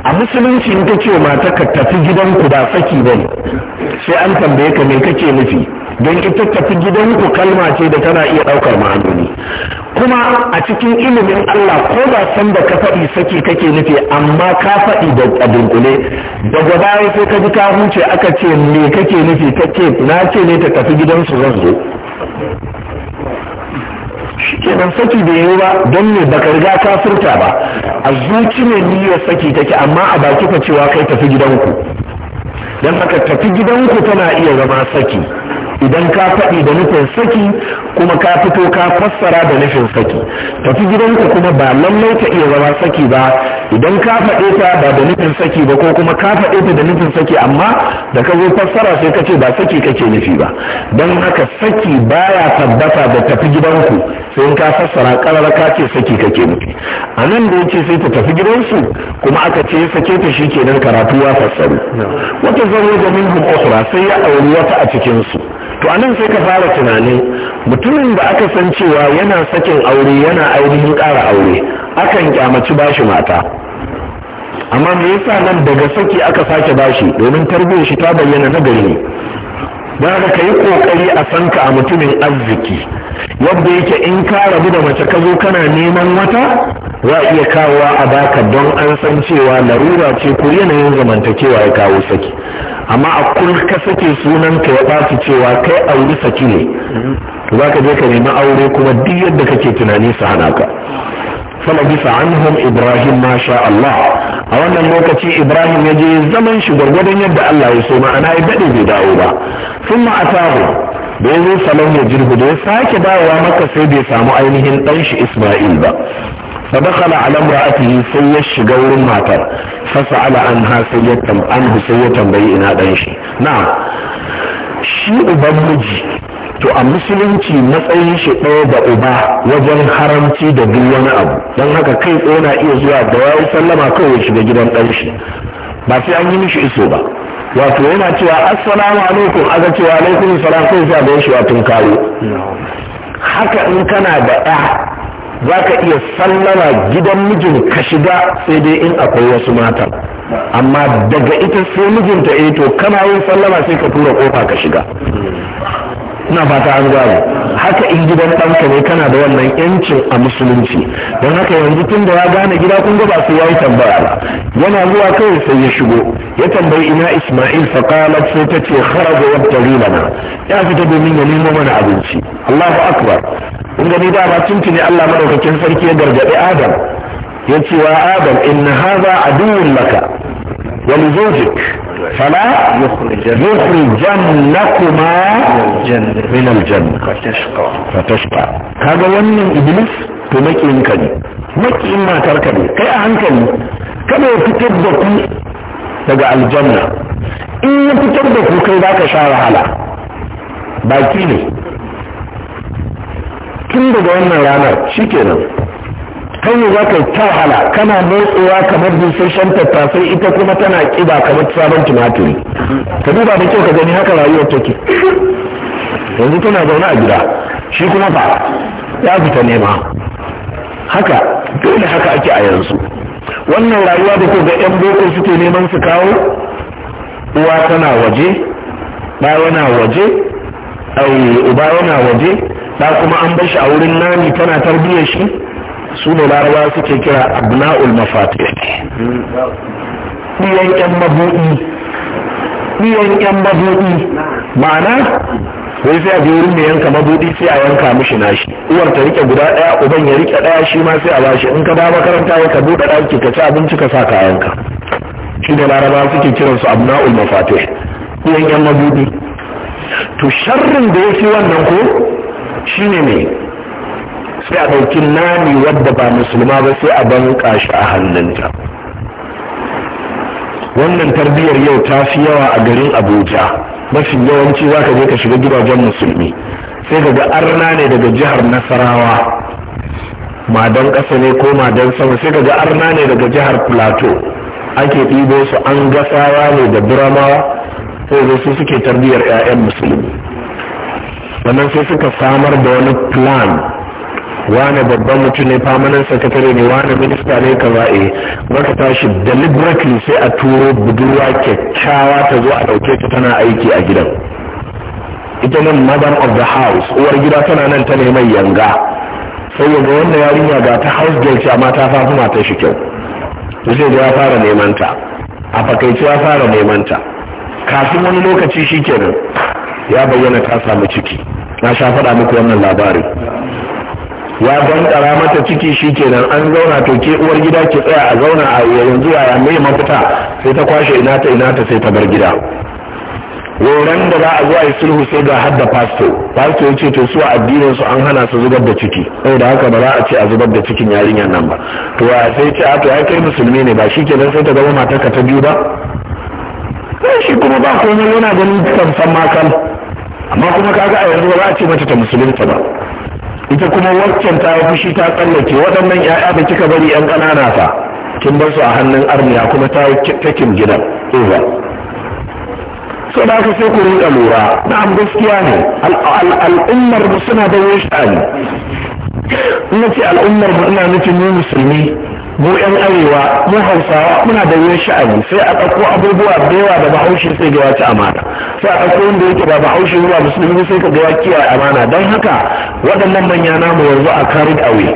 a musulunci in kace mata ka tafi gidanku ba saki bane sai an tambaye ka me kake nufi don ita tafi gidanku kalma ce da tana iya daukar ma'anoni kuma a cikin ilimin Allah ko ba san da ka faɗi saki kake nufi amma ka faɗi da adunkule daga baya sai ka ji ka huce aka ce me kake nufi kake na ce ne ta tafi gidansu zan zo kenan saki bai yi ba don ne baka riga ka furta ba a zuci ne niyyar saki take amma a baki ka cewa kai tafi gidanku don haka tafi gidanku tana iya zama saki idan ka faɗi da nufin saki kuma ka fito ka fassara da nufin saki tafi gidanku kuma ba lallai ta iya zama saki ba idan ka faɗe ta ba da nufin saki ba ko kuma ka faɗe ta da nufin saki amma da ka zo fassara sai ka ce ba saki kake nufi ba don haka saki baya tabbata da tafi gidanku sai ka fassara kalar ka ce saki kake mutu a nan da yace sai ta tafi gidansu kuma aka ce sake ta shi nan karatu ya fassaru wata da minhum ukhra sai ya auri wata a cikin su to anan sai ka fara tunani, mutumin da aka san cewa yana sakin aure yana ainihin kara aure akan kyamaci bashi mata amma me yasa nan daga saki aka sake bashi domin tarbiyar shi ta bayyana na gari ne za haka ka yi kokari a san ka a mutumin arziki yadda yake in ka rabu da mace ka zo kana neman wata za a iya kawowa a baka don an san cewa larura ce ko yanayin zamantakewa ya kawo saki amma a kun ka sake sunan ka ya ɓaci cewa kai auri saki ne za ka je ka nemi aure kuma duk yadda kake tunani su hana ka falabisa anhum ibrahim ma sha Allah a wannan lokaci ibrahim ya je zaman shi gwargwadon yadda Allah ya so ma'ana ya daɗe bai dawo ba thumma atahu da ya zo salon ya jirgu da ya sake dawowa maka sai bai samu ainihin dan shi isma'il ba sai ya shiga wurin matar امرأته سي الشجور المعتر sai ya tambayi ina ɗan shi na'am shi uban miji to a musulunci matsayin shi ɗaya da uba wajen haramci da duk wani abu don haka kai tsaye na iya zuwa da wayo sallama kawai shiga gidan ɗan shi ba sai an yi mishi iso ba wato yana cewa assalamu alaikum ga cewa alaikum salam kai sa da shi watun kawo haka in kana da ɗa za ka iya sallama gidan mijin ka shiga sai dai in akwai wasu matan amma daga ita sai mijinta eh to kana yin sallama sai ka tura kofa ka shiga ina fata an gano haka in gidan ɗanka ne kana da wannan yancin a musulunci don haka yanzu tun da ya gane gida kun ba sai ya yi tambaya ba yana zuwa kawai sai ya shigo ya tambayi ina isma'il faƙalar sai ta ce kharaja yabtari lana ya fita domin ya nemo mana abinci allahu akbar kun gani da ba tuntuni allah madaukakin sarki ya gargaɗi adam ya ce wa adam inna hadha aduwwun laka ولزوجك فلا يخرجنكما من الجنة فتشقى هذا ومن إبليس تمكي كني مكي ما تركني كي أعنكني كما يفتدك تقع الجنة إن ya كي ذاك ku على باكيني كم sha wahala شكرا kai za ka ta wahala kana motsewa kamar busasshen tattasai ita kuma tana kiba kamar sabon tumatiri ka duba da kyau ka gani haka rayuwar take yanzu tana zaune a gida shi kuma fa ya fita nema haka dole haka ake a yanzu wannan rayuwa da ko ga yan boko suke neman su kawo uwa tana waje ba yana waje ai uba yana waje da kuma an bar shi a wurin nani tana tarbiyyar shi su ne larabawa suke kira abna'ul mafatih ɗiyan ƴan mabuɗi ɗiyan ƴan mabuɗi ma'ana wai sai a je wurin mai yanka mabuɗi sai a yanka mishi nashi uwar ta rike guda ɗaya uban ya rike ɗaya shi ma sai a bashi in ka da makaranta ya ka buɗe ɗaki ka ci abinci ka sa kayanka shi da larabawa suke kiransu abna'ul mafati ɗiyan ƴan mabuɗi to sharrin da ya fi wannan ko shine ne sai a ɗauki nami wadda ba musulma ba sai a banka shi a hannunta wannan tarbiyyar yau ta fi yawa a garin abuja mafi yawanci za ka je ka shiga gidajen musulmi sai ga arna ne daga jihar nasarawa madan ƙasa ne ko madan sama sai ga arna ne daga jihar plateau ake ɗibo su an gasawa ne da buramawa sai su suke tarbiyyar 'ya'yan musulmi sannan sai suka samar da wani plan wane babban mutum ne famanan sakatare ne wane minista ne eh. ka eh maka tashi deliberately sai a turo budurwa kyakkyawa ta zo a ɗauke ta tana aiki a gidan ita nan madam of the house uwar gida tana nan ta neman yanga sai yaga wannan yarinya ga ta house girl ce amma ta fafi mata shi kyau sai ya fara neman ta a fakaice ya fara neman ta kafin wani lokaci shi shikenan ya bayyana ta samu ciki na sha faɗa muku wannan labarin ya bankara mata ciki shi kenan an zauna to ke uwar gida ke tsaya a zauna a yanzu yaya mai mafita sai ta kwashe ina ta ina ta sai ta bar gida wurin da za a zo a yi sulhu sai ga hadda pasto pasto ya ce to su a addinin su an hana su zubar da ciki da haka ba za a ce a zubar da cikin yarinyar nan ba to ya sai ce a to ya kai musulmi ne ba shi kenan sai ta zama matarka ta biyu ba Sai eh, shi kuma ba komai yana ganin kan san makam amma kuma kaga a yanzu ba za a ce mata ta musulunta ba ita kuma waccan ta fushi ta tsallake waɗannan 'ya'ya ba kika bari 'yan ƙanana ta, kin bar su a hannun armiya kuma ta takin gidan over so da aka sai ku rinka lura na'am gaskiya ne al'ummar mu suna da wani sha'ani ina ce al'ummar mu ina nufin mu musulmi mu yan arewa mu hausawa muna da yin sha'ani sai a ɗauko abubuwa da yawa da bahaushe sai ga wata amana sai a ɗauko wanda yake ba bahaushe ba musulmi sai ka ga ya kiyaye amana don haka waɗannan manya namu yanzu a carried away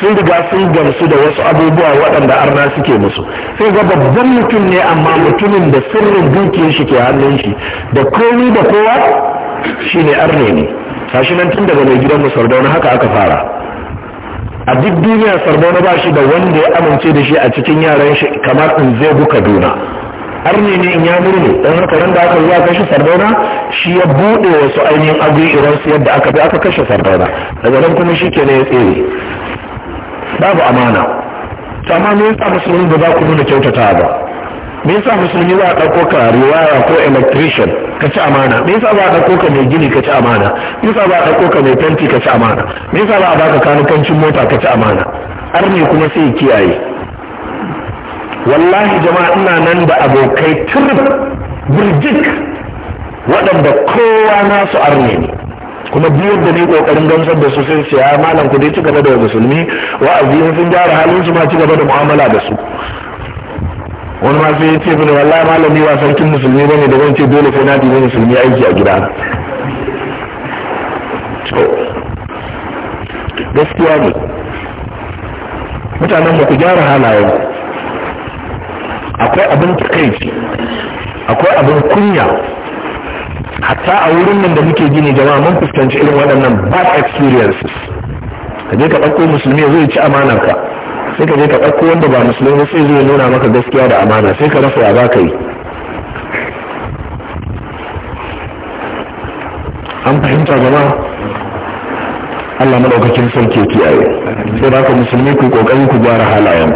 sun riga sun gamsu da wasu abubuwa waɗanda arna suke musu sai ga babban mutum ne amma mutumin da sirrin dukiyar shi ke hannun shi da komi da kowa shine arne ne tashi nan tun daga mai gidan musar haka aka fara a duk duniya sarbo ba shi da wanda ya amince da shi a cikin yaran shi kamar in zai buka Kaduna. Har ne ne in ya murne don haka ran da aka zuwa kashe sardauna shi ya buɗe wasu ainihin abin iran su yadda aka bi aka kashe sardauna daga nan kuma shi kenan ya tsere babu amana amma ya yasa musulmi ba za ku nuna kyautata ba me yasa musulmi za a ɗauko ka riwaya ko electrician ka ci amana me yasa za a ɗauko ka mai gini ka ci amana me yasa za a ɗauko ka mai fenti ka ci amana me yasa za a baka kanukancin mota ka ci amana arne kuma sai kiyaye wallahi jama'a ina nan da abokai turb burjik waɗanda kowa nasu arne ne kuma biyar da ne kokarin gamsar da su sai siya ah, malam ku dai ci gaba da musulmi wa'azi sun gyara halin su ma ci gaba da mu'amala da su wani ma sai ya ce mini wallahi malami ba sarkin musulmi bane da zan ce dole sai na dina musulmi aiki a gida gaskiya ne mutanen ku gyara halayen akwai abin takaici akwai abin kunya hatta a wurin nan da muke gini jama'a mun fuskanci irin waɗannan bad experiences ka je ka ɗauko musulmi ya zo ya ci amanar ka sai ka je ka ɗauko wanda ba musulmi sai zai nuna maka gaskiya da amana sai ka rasa ya za ka yi an fahimta jama'a Allah madaukakin sarki ke kiyaye sai da musulmi ku kokari ku gyara halayen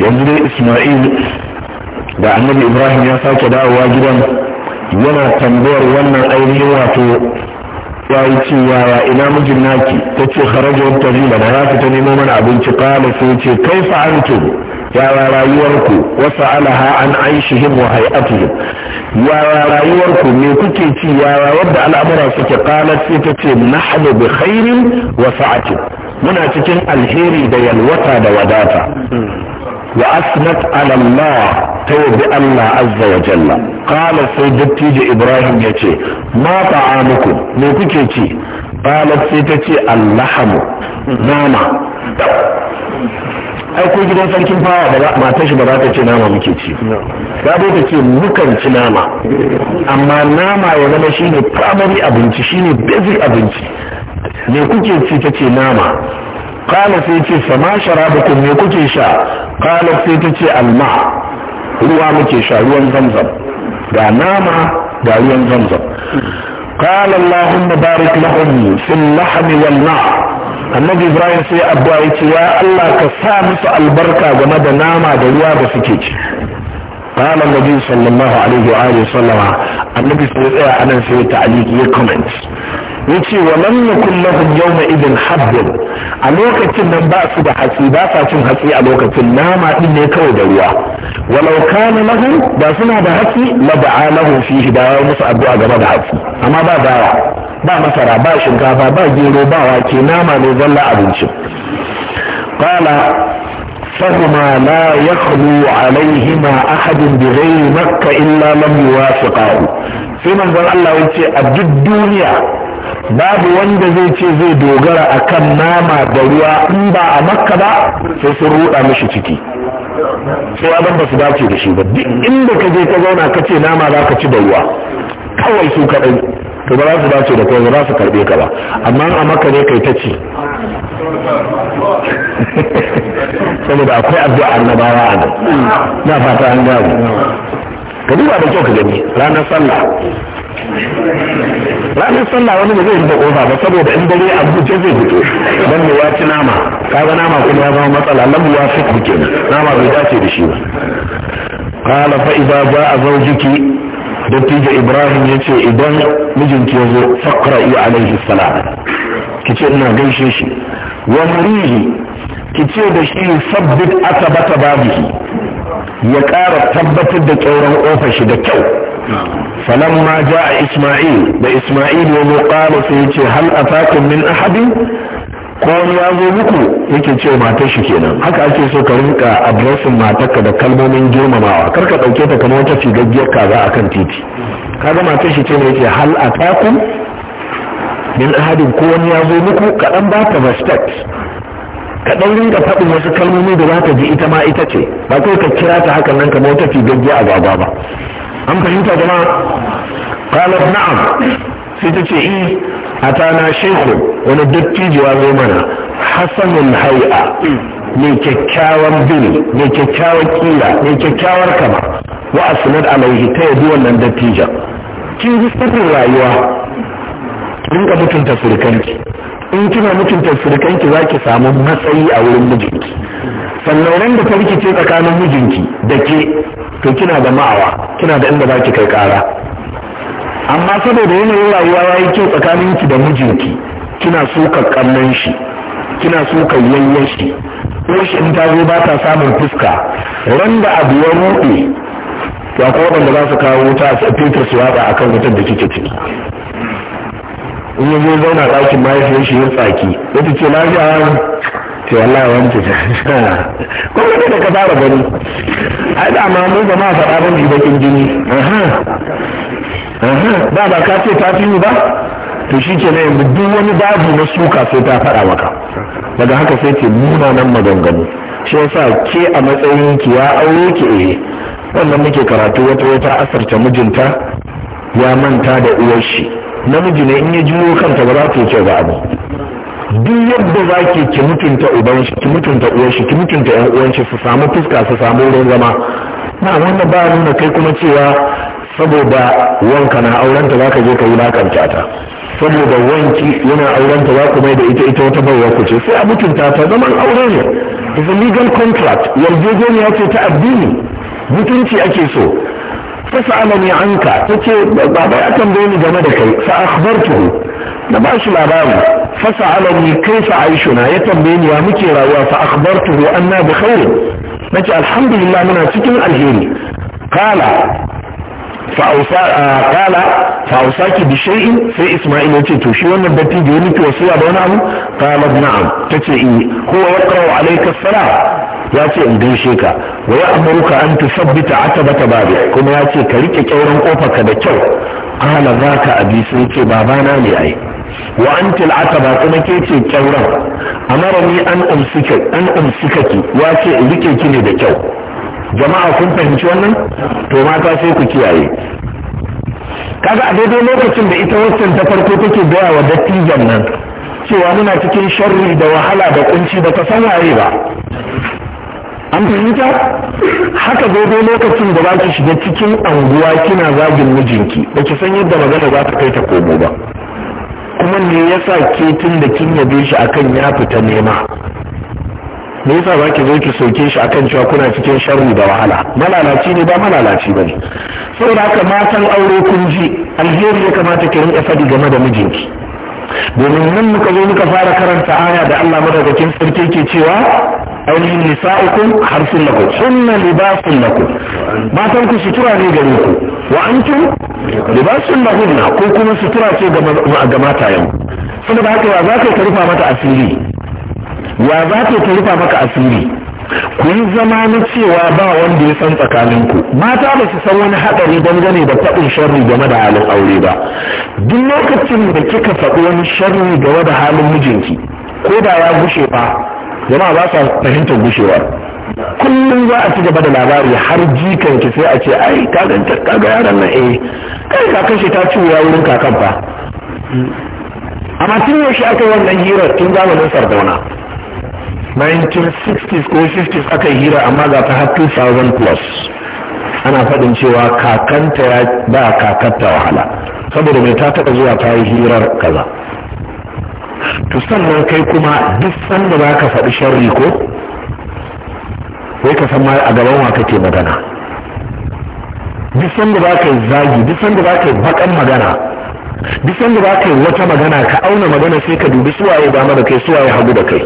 yanzu dai Isma'il da Annabi Ibrahim ya sake dawowa gidan yana tambayar wannan ainihin wato ya yi ce yaya ina mijin naki ta ce kharaja wata zila da ya fita nemo mana abinci kala sai ce kai fa'antum yaya rayuwarku wasa alaha an aishihim wa hay'atihim yaya rayuwarku me kuke ci yaya wadda al'amura suke kala sai ta ce nahnu bi khairin wa sa'atin muna cikin alheri da yalwata da wadata وأثنت على الله توب الله عز وجل قال سيدتي تيجي إبراهيم يتي ما طعامكم نوكي يتي قالت سيدتي اللحم نعمة ai ko gidan sarkin fawa ba za matar shi ba za ta ce nama muke ci ya dai ta ce mukan ci nama amma nama ya zama shine primary abinci shine basic abinci me kuke ci ta ce nama kala sai ce sama sharabukum me kuke sha kala sai ta ce alma ruwa muke sha ruwan zamzam ga nama ga ruwan zamzam قال اللهم بارك لهم في اللحم والنار annabi ibrahim sai addu'a yace ya allah ka sa musu albarka game da nama da ruwa da suke ci قال النبي صلى الله عليه وآله وسلم النبي صلى الله عليه وسلم في تعليق يكومنت yace wa lam yakun lahum yawma idin habbun a lokacin nan ba su da hatsi ba sa cin hatsi a lokacin nama din ne kawai da ruwa walau kana lahum ba suna da hatsi la da'a lahum fihi da musu addu'a gaba da hatsi amma ba dawa ba masara ba shinkafa ba gero ba wake nama ne zalla abinci, qala فهما لا يخلو عليهما أحد بغير مكة إلا لم يوافقه في منظر الله يتي أبد الدنيا babu wanda zai ce zai dogara a kan nama da ruwa in ba a makka ba sai sun ruɗa mishi ciki sai abin ba su dace da shi ba duk inda ka je ka zauna ka ce nama za ka ci da ruwa kawai su kaɗai to ba za su dace da kai ba za su karɓe ka ba amma a makka ne kai ta ci saboda akwai a annabawa a nan na fata an gawo ka duba da kyau ka gani ranar sallah ranar sallah wani ba zai yi kofa ba saboda in dare a buce zai fito don ne ya ci nama ga nama kuma ya zama matsala lamu ya fi kuke nama bai dace da shi ba kala fa idza jaa zawjuki dattijo ibrahim ya ce idan mijinki ya zo fakra iya alaihi salam ki ce ina gaishe shi wa murihi ki ce da shi sabbit asabata babihi ya ƙara tabbatar da kyauran ƙofar shi da kyau falamma a isma'il da isma'il ya zo ƙara sai ya ce hal atakum min ahadi ko wani ya zo muku yake ce matar shi kenan haka ake so ka rinka adresin matarka da kalmomin girmamawa kar ka ɗauke ta kamar wata figaggiyar kaza akan titi kaga matar shi ce ne yake hal atakum min ahadin ko wani ya zo muku kaɗan ba ta respect kaɗan rinka faɗin wasu kalmomi da za ta ji ita ma ita ce ba kai ka kira ta hakan nan kamar wata figaggiya a gwagwa ba an fahimta jama'a qalat na'am sai ta ce i eh, atana shehu wani dattijo ya zo mana hai'a mai kyakkyawan bini mai kyakkyawan kila mai kyakkyawar kama wa asnad alaihi ta yabi wannan dattijan kin ji sirrin rayuwa rinka mutunta surukanki in kina mutunta surukanki za ki samu matsayi a wurin mijinki sannan ran da ta rikice tsakanin mijinki da ke to kina da ma'awa kina da inda za ki kai kara amma saboda yanayin rayuwa ya yi kyau tsakaninki da mijinki kina suka kallon shi kina suka yayyan shi ko shi in ta zo ba ta samun fuska ran da abu ya ruɗe ya kowa waɗanda za su kawo wuta a fetur su yada kan wutar da kike ciki in ya zai zauna ɗakin mahaifiyar shi ya tsaki wata ce lafiya wani ce wallahi [laughs] wanke ta kuma ne da ka fara gani ai da ma mu zama a faɗa ban ji bakin jini ba ba ka ce ta fi ba to shi ke nan duk wani babu na suka sai ta faɗa maka daga haka sai ce nan maganganu shi yasa ke a matsayin ki ya aure ki eh wannan muke karatu wata wata asarta mijinta ya manta da uwar shi namiji ne in ya juyo kanta ba za ku yi kyau ba abu duk yadda za ki ki mutunta uban shi ki mutunta uwan shi ki mutunta yan uwan shi su samu fuska su samu wurin zama na wannan ba nuna kai kuma cewa saboda wanka na aurenta za ka je ka yi lakan ta saboda wanki yana aurenta za ku mai da ita ita wata baiwa ku ce sai a mutunta ta zaman aure ne is a legal contract yarjejeniya ce ta addini mutunci ake so fasalani anka tace baba ya tambaye ni game da kai fa akhbartu na ba shi labari fasalani kaifa aishuna ya tambaye ni ya muke rayuwa fa akhbartuhu anna bi khair nace alhamdulillah muna cikin alheri kala fa'ausa kala ki bi shay'in sai Isma'il ya ce to shi wannan dattijo ya miki wasiya da wani abu na'am tace eh huwa yaqra'u alayka salam ya ce in gaishe ka wa ya amuruka an tusabbita atabata babi kuma ya ka rike kyauran kofarka da kyau qala zaka abi sai ce babana ne ai wa an ataba kuma ke ce kyauran amara ni an umsika an umsikaki ya in rike ki ne da kyau jama'a kun fahimci wannan to mata sai ku kiyaye kaga a daidai lokacin da ita wasan ta farko take gaya wa dattijan nan cewa muna cikin sharri da wahala da kunci ba ta san waye ba an fahimta haka daidai lokacin da za ki shiga cikin anguwa kina zagin mijinki ba ki san yadda magana za ta kai ta komo ba kuma me yasa ke tun da kin yabe shi akan ya fita nema me yasa zaki zo ki soke shi akan cewa kuna cikin sharri da wahala malalaci ne ba malalaci ba ne saboda haka matan aure kun ji alheri ya kamata ki rinka faɗi game da mijinki domin nan muka zo muka fara karanta aya da Allah madaukakin sarki ke cewa ainihin nisa'ukum harsun lakum sunna libasun lakum matan ku sutura ne gare ku wa antum libasun lahunna ko kuma sutura ce ga yau saboda haka ya za ka rufa mata asiri ya za ta rufa maka asiri ku yi zama na cewa ba wanda ya san tsakaninku mata ba su san wani haɗari dangane da faɗin sharri game da halin aure ba duk lokacin da kika faɗi wani sharri game da halin mijinki ko da ya gushe ba jama'a ba sa fahimtar gushewar kullum za a ci gaba da labari har jikan ki sai a ce ai ka ganta ka ga yaron nan eh kai ka shi ta ci wuya wurin kakan fa amma tun yaushe aka yi wannan hirar tun zamanin sardauna 1960s ko 50s aka yi hira amma za ta har 2000 plus ana faɗin cewa kakanta ya ba kakanta wahala saboda mai ta taɓa zuwa ta yi hirar kaza to sannan kai kuma duk sanda za ka faɗi sharri ko wai ka san ma a gaban wa kake magana duk sanda za ka yi zagi duk sanda za ka yi baƙan magana duk sanda za ka yi wata magana ka auna magana sai ka dubi suwaye dama da kai suwaye hagu da kai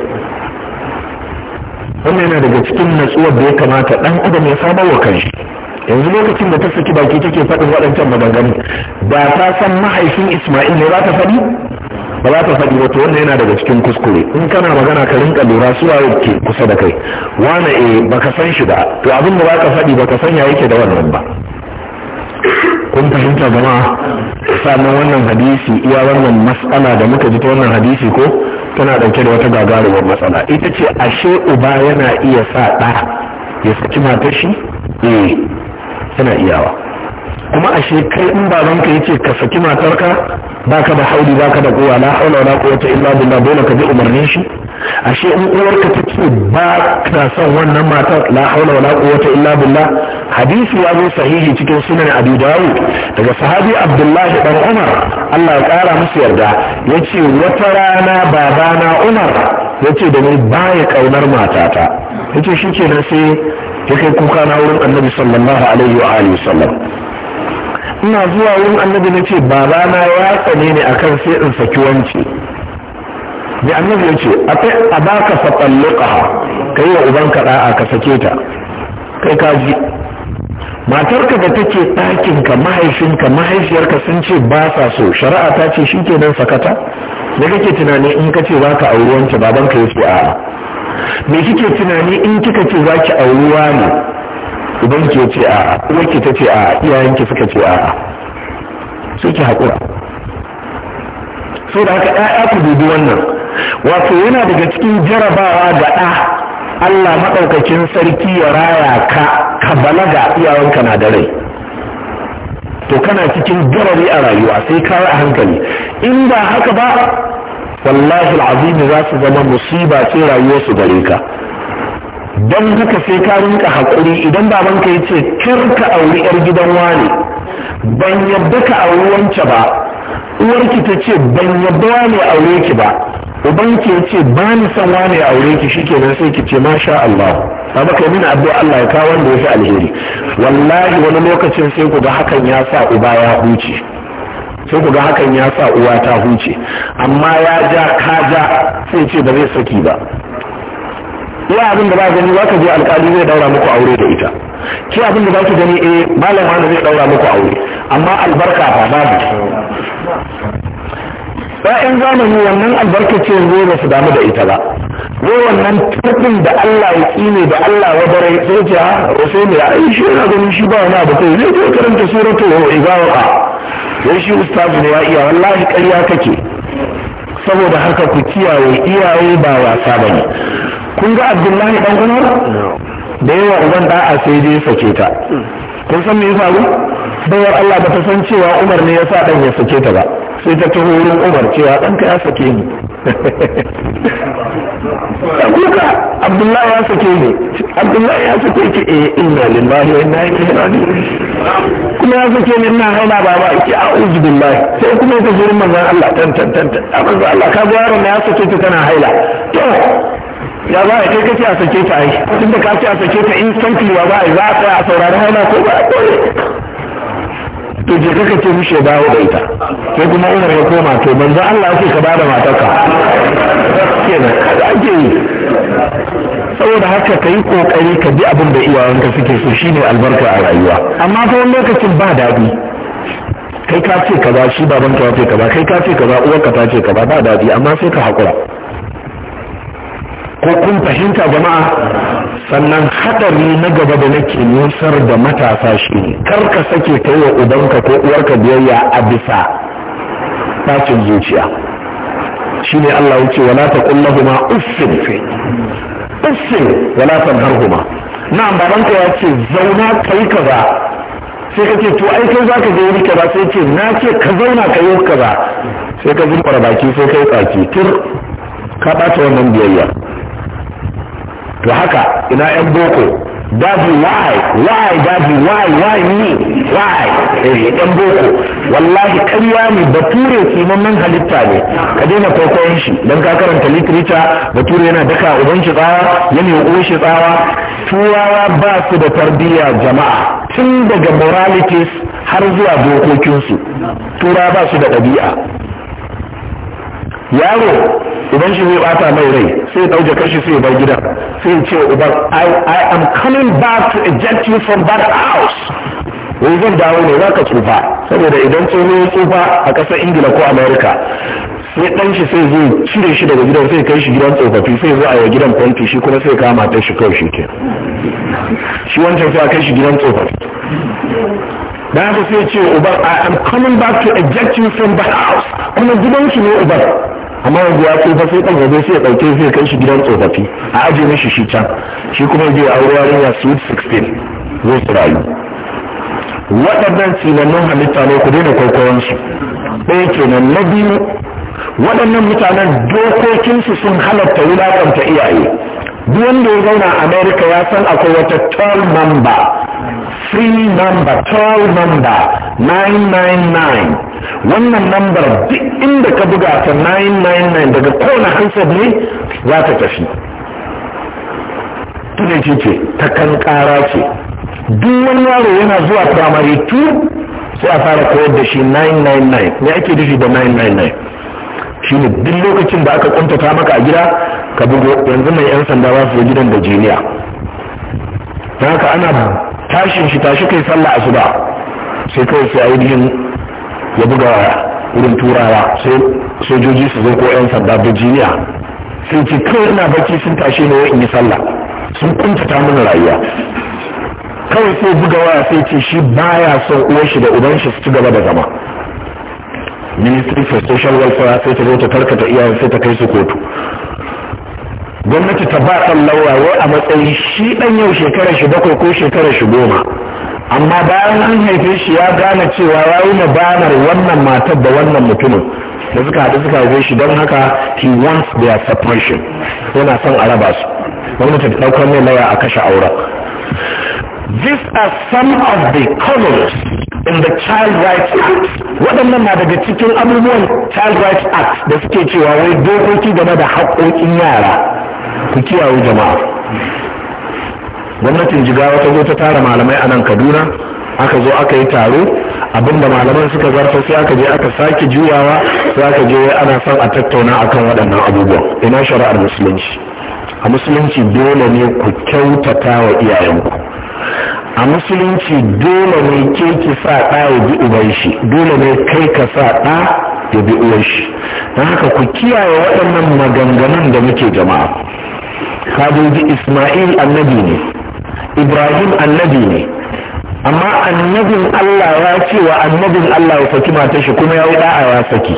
wannan yana daga cikin natsuwar da ya kamata ɗan adam ya samar wa kanshi yanzu lokacin da ta saki baki take faɗin waɗancan maganganu ba ta san mahaifin isma'il ne za ta faɗi ba za ta faɗi ba to wannan yana daga cikin kuskure in kana magana ka rinka lura su waye ke kusa da kai wane eh baka san shi ba to abin da baka faɗi baka san ya yake da wannan ba kun fahimta jama'a sannan wannan hadisi iya wannan mas'ala da muka ji ta wannan hadisi ko tana ɗauke da wata gagarumar matsala ita ce ashe uba yana iya sa ɗa ya saki matar shi eh yana iyawa kuma ashe kai in babanka yace ka saki matarka baka da hauli baka da kowa la haula wala quwwata illa billah dole ka bi umarnin shi ashe in uwarka ta ce ba ka son wannan matar la haula wala quwwata illa billah hadisi ya zo sahihi cikin sunan abi dawud daga sahabi abdullahi dan umar Allah ya kara musu yarda yace wata rana babana umar yace da ni baya kaunar matata yace shikenan sai ya kai kuka na wurin annabi sallallahu alaihi wa alihi sallam ina zuwa wurin annabi nace babana ya tsane ni akan sai in saki wance da annabi ya ce akwai a baka fatalluka ka yi wa ubanka ɗa'a ka sake ta kai ka ji matarka da take ɗakinka mahaifinka mahaifiyarka sun ce ba sa so shari'a ta ce shi kenan sakata da kake tunani in ka ce za ka auri wancan babanka ya ce a'a me kike tunani in kika ce za ki auri wani idan ki ce a'a ki ta ce a'a ki suka ce a'a sai ki haƙura sau da haka ɗaya ku dubi wannan wato yana daga cikin jarabawa ga ɗa Allah maɗaukakin sarki ya raya ka ka balaga iyawanka na da rai to kana cikin garari a rayuwa sai ka a hankali in ba haka ba wallahi al'azimi za su zama musiba ce rayuwarsu gare ka don haka sai ka rinka haƙuri idan babanka ya ce kar ka auri 'yar gidan wani ban yadda ka auri wance ba uwarki ta ce ban yadda wani aure ki ba uban ke ce ba ni san wane aure ki kenan sai ki ce masha Allah amma kai mini addu'a Allah ya kawo wanda ya fi alheri wallahi wani lokacin sai ku ga hakan ya sa uba ya huce sai ku ga hakan ya sa uwa ta huce amma ya ja ka ja sai ce ba zai saki ba ya abin da ba gani za ka je alkali zai daura muku aure da ita ki abin da za ki gani eh malam wani zai daura muku aure amma albarka ba babu Bayan zamani wannan albarkaci zai ba su damu da ita ba ko wannan tarbin da Allah ya tsine da Allah ya bare sai ce ha ah, ne ya shi yana ganin shi ba wani abu kai zai je karanta suratu ibawa dan shi ustazu ne ya iya wallahi ƙarya kake saboda haka ku kiyaye iyaye ba wasa bane kun ga Abdullahi dan Umar da yawa uban da'a sai dai sake ta kun san me ya faru bayar Allah ba ta san cewa Umar ne ya sa ɗan ya sake ta ba sai ta taho wurin Umar cewa ɗanka ya sake ni [laughs] kuka Abdullahi ya sake ni Abdullah ya sake ki eh inna lillahi wa inna ilaihi raji'un kuma ya sake ni ina haina baba ki a'udhu billahi sai kuma ta manzon Allah tan tan a ah, Allah ka gwara ya sake ki kana haila to ya za kai kace a sake ta ai tunda ka ce a sake ta in san ba ba za a tsaya a saurari haila ko ba dole to je kaka ce mishi ya dawo da ita sai kuma ina ya koma to manzo Allah yake ka bada matarka kenan kaza ake yi saboda haka ka yi kokari ka bi abin da iyayenka suke so shine albarka a rayuwa amma fa wani lokacin ba daɗi kai ka ce kaza shi baban ka ce kaza kai ka ce kaza uwarka ta ce kaza ba daɗi amma sai ka haƙura ko kun fahimta jama'a sannan haɗari na gaba da nake nusar da matasa shi ne kar ka sake kaiwa wa ubanka ko uwarka biyayya a bisa ɗacin zuciya shine Allah yake wala ta kullahuma uffin fi uffin wala tanharhuma na'am babanka ya ce zauna kai kaza sai ka ce to ai kai zaka je wuri kaza sai ce na ce ka zauna ka yi kaza sai ka zumbura baki sai kai tsaki tur ka ɓata wannan biyayya to haka ina yan boko daddy why why daddy why why me why eh yan boko wallahi karya ne bature kimanin halitta ne ka daina kwaikwayon shi dan ka karanta literature bature yana daka uban shi tsawa yana yi shi tsawa turawa ba su da tarbiyya jama'a tun daga moralities har zuwa dokokinsu Tura ba su da ɗabi'a yaro idan shi zai bata mai rai sai ya dauke kashi sai ya bar gidan sai ya ce uban I, I am coming back to eject you from that house wai zan dawo ne za ka tsufa saboda idan tsoho ya tsufa a ƙasar ingila ko america sai dan shi sai zai cire shi daga gidan sai kai shi gidan tsofaffi sai zo a yi gidan fanti shi kuma sai kama ta shi kawai shi ke shi wancan sai a kai shi gidan tsofaffi Na sai ce uban i am coming back to eject you from the house kuma gidan shi ne uban amma yanzu ya tsufa sai ɗan gobe sai ya ɗauke sai kai shi gidan tsofaffi a aje mishi shi can shi kuma zai aure ya suit 16 zai su rayu waɗannan tsinannun halitta ne ku daina kwaikwayon su ɗaya kenan na biyu waɗannan mutanen dokokinsu sun halatta wulaƙanta iyaye duk wanda ya zauna america ya san akwai wata toll number free number toll number 999 wannan number duk inda ka buga ta 999 daga kowane hansar ne za ta tafi tunanci ce ta kankara ce duk wani yaro yana zuwa primary 2 sai a fara koyar da shi 999 ne ake dashi da 999 shine duk lokacin da aka kuntata maka a gida ka bugo yanzu mai yan sanda ba su gidan da jiniya don haka ana tashin shi tashi kai sallah ba, sai kawai sai ainihin ya buga wurin turawa sai sojoji su zo ko yan sanda da jiniya sai ce kawai ina baki sun tashe ne in yi sallah sun kuntata mana rayuwa kawai sai buga waya sai ce shi baya son uwar shi da uban shi su ci gaba da zama ministry for social welfare sai ta zo ta karkata iyayen sai ta kai su kotu gwamnati ta ba san a matsayi shi ɗan yau shekarar shi bakwai ko shekarar shi goma amma bayan an haife shi ya gane cewa ya yi mabanar wannan matar da wannan mutumin da suka haɗu suka haife shi don haka he wants their separation yana son a raba su gwamnati ta ɗaukar mai laya a kashe auren These are some of the colors in the Child Rights Act. Waɗannan na daga cikin abubuwan Child Rights Act da suke cewa wai dokoki game da haƙoƙin yara. Ku kiyaye jama'a. Gwamnatin Jigawa ta zo ta tara malamai a nan Kaduna, aka zo aka yi taro, abinda malaman suka zarta sai aka je aka sake juyawa sai aka je ana son a tattauna akan waɗannan abubuwan ina shari'ar musulunci a musulunci dole ne ku kyautata wa iyayenku a musulunci dole ne ke ki sa ɗa ya bi uban shi dole ne kai ka sa ɗa ya bi uban shi don haka ku kiyaye waɗannan maganganun da muke jama'a kadoji isma'il annabi ne ibrahim annabi ne amma annabin allah ya ce wa annabin allah ya saki mata kuma ya yi ɗa'a ya saki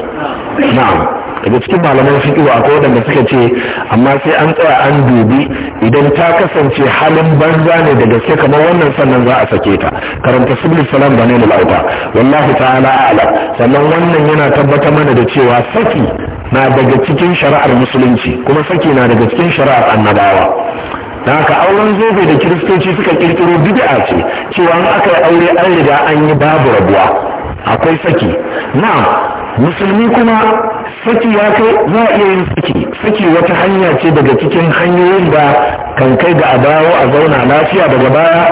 na'am daga cikin malaman fiƙiwa akwai wadanda suka ce amma sai an tsaya an dubi idan ta kasance halin banza ne daga gaske kamar wannan sannan za a sake ta karanta sublis salam da nailul auta wallahi ta'ala ala sannan wannan yana tabbatar mana da cewa saki na daga cikin shari'ar musulunci kuma saki na daga cikin shari'ar annabawa da haka auren zobe da kiristoci suka kirkiro bid'a ce cewa in aka yi aure an riga an yi babu rabuwa akwai saki na musulmi kuma saki ya kai za a iya yin saki saki wata hanya ce daga cikin hanyoyin da kan kai ga a a zauna lafiya daga baya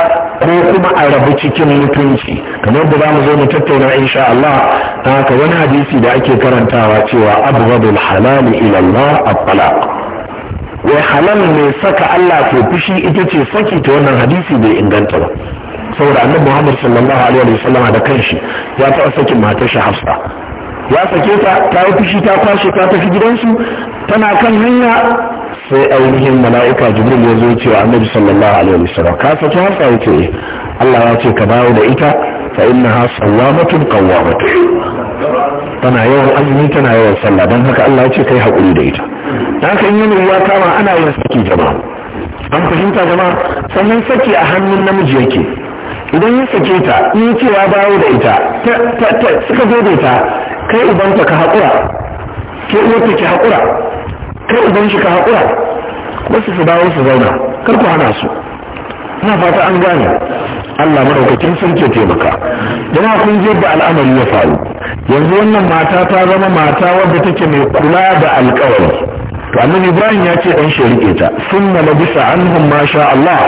ko kuma a rabu cikin mutunci kamar da za mu zo mu tattauna insha Allah ta ka wani hadisi da ake karantawa cewa abghadul halal ila Allah at-talaq wai halal ne saka Allah ko fushi ita ce saki ta wannan hadisi bai inganta ba saboda annabi Muhammad sallallahu alaihi wa sallam da kanshi ya taɓa sakin matar shi Hafsa ya sake ta ta yi fushi ta kwashe ta tafi gidansu tana kan hanya sai ainihin mala'ika jibril ya zo cewa annabi sallallahu alaihi wasallam ka sake hasa yace Allah ya ce ka dawo da ita fa innaha sawamatun qawwamatun tana yawan azumi tana yawan sallah dan haka Allah ya ce kai hakuri da ita dan haka in ya kama ana yin saki jama'a an fahimta jama'a sannan saki a hannun namiji yake idan ya sake ta in cewa dawo da ita suka daidaita kai ubanka ka haƙura ke uwarka ki haƙura kai uban shi ka haƙura wasu su dawo su zauna kar ku hana su ina fata an gane Allah madaukakin sun ke taimaka jama'a kun je da al'amari ya faru yanzu wannan mata ta zama mata wadda take mai kula da alƙawari to annabi ibrahim ya ce dan shi rike ta summa labisa anhum ma sha Allah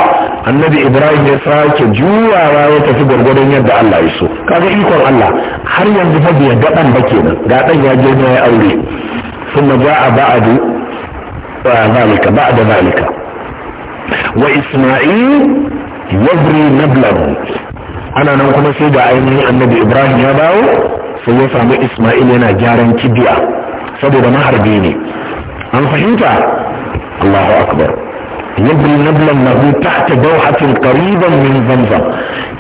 annabi ibrahim ya sake juyawa ya tafi gwargwadon yadda Allah ya so kaga ikon Allah har yanzu fa bai ga dan ba kenan ga dan ya je ne ya aure summa jaa ba'du wa zalika ba'da zalika wa isma'il yabri nablan ana nan kuma sai ga ainihin annabi ibrahim ya bawo sai ya samu isma'il yana gyaran kibiya saboda maharbi ne an fahimta Allahu akbar yabni nablan lahu tahta dawhatin qariban min zamzam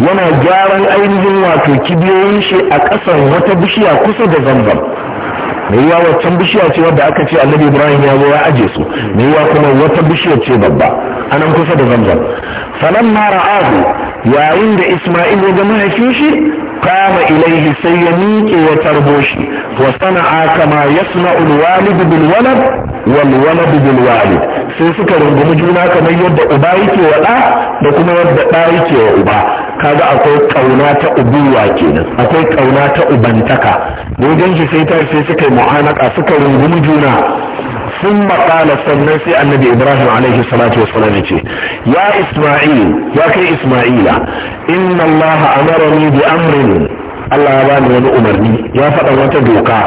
yana gyaran ainihin wato kibiyoyin shi a ƙasan wata bishiya kusa da zamzam yiwa waccan bishiya ce wadda aka ce annabi ibrahim ya zo ya aje su yiwa kuma wata bishiya ce babba anan kusa da zamzam falamma ra'ahu yayin da isma'il ya ga mahaifin shi kama ilaihi sai ya miƙe ya tarbo shi wa sana'a kama yasna ulwalidu bil walad wal bil walid sai suka rungumi juna kamar yadda uba yake wa da kuma yadda ɗa yake wa uba kaga akwai kauna ta ubuwa kenan akwai kauna ta ubantaka wajen shi sai ta sai suka yi mu'anaka suka rungumi juna sun makala sannan sai annabi ibrahim alaihi salatu salam ya ce ya isma'il ya kai isma'ila inna allaha amarani bi amrin allah ya bani wani umarni ya faɗa wata doka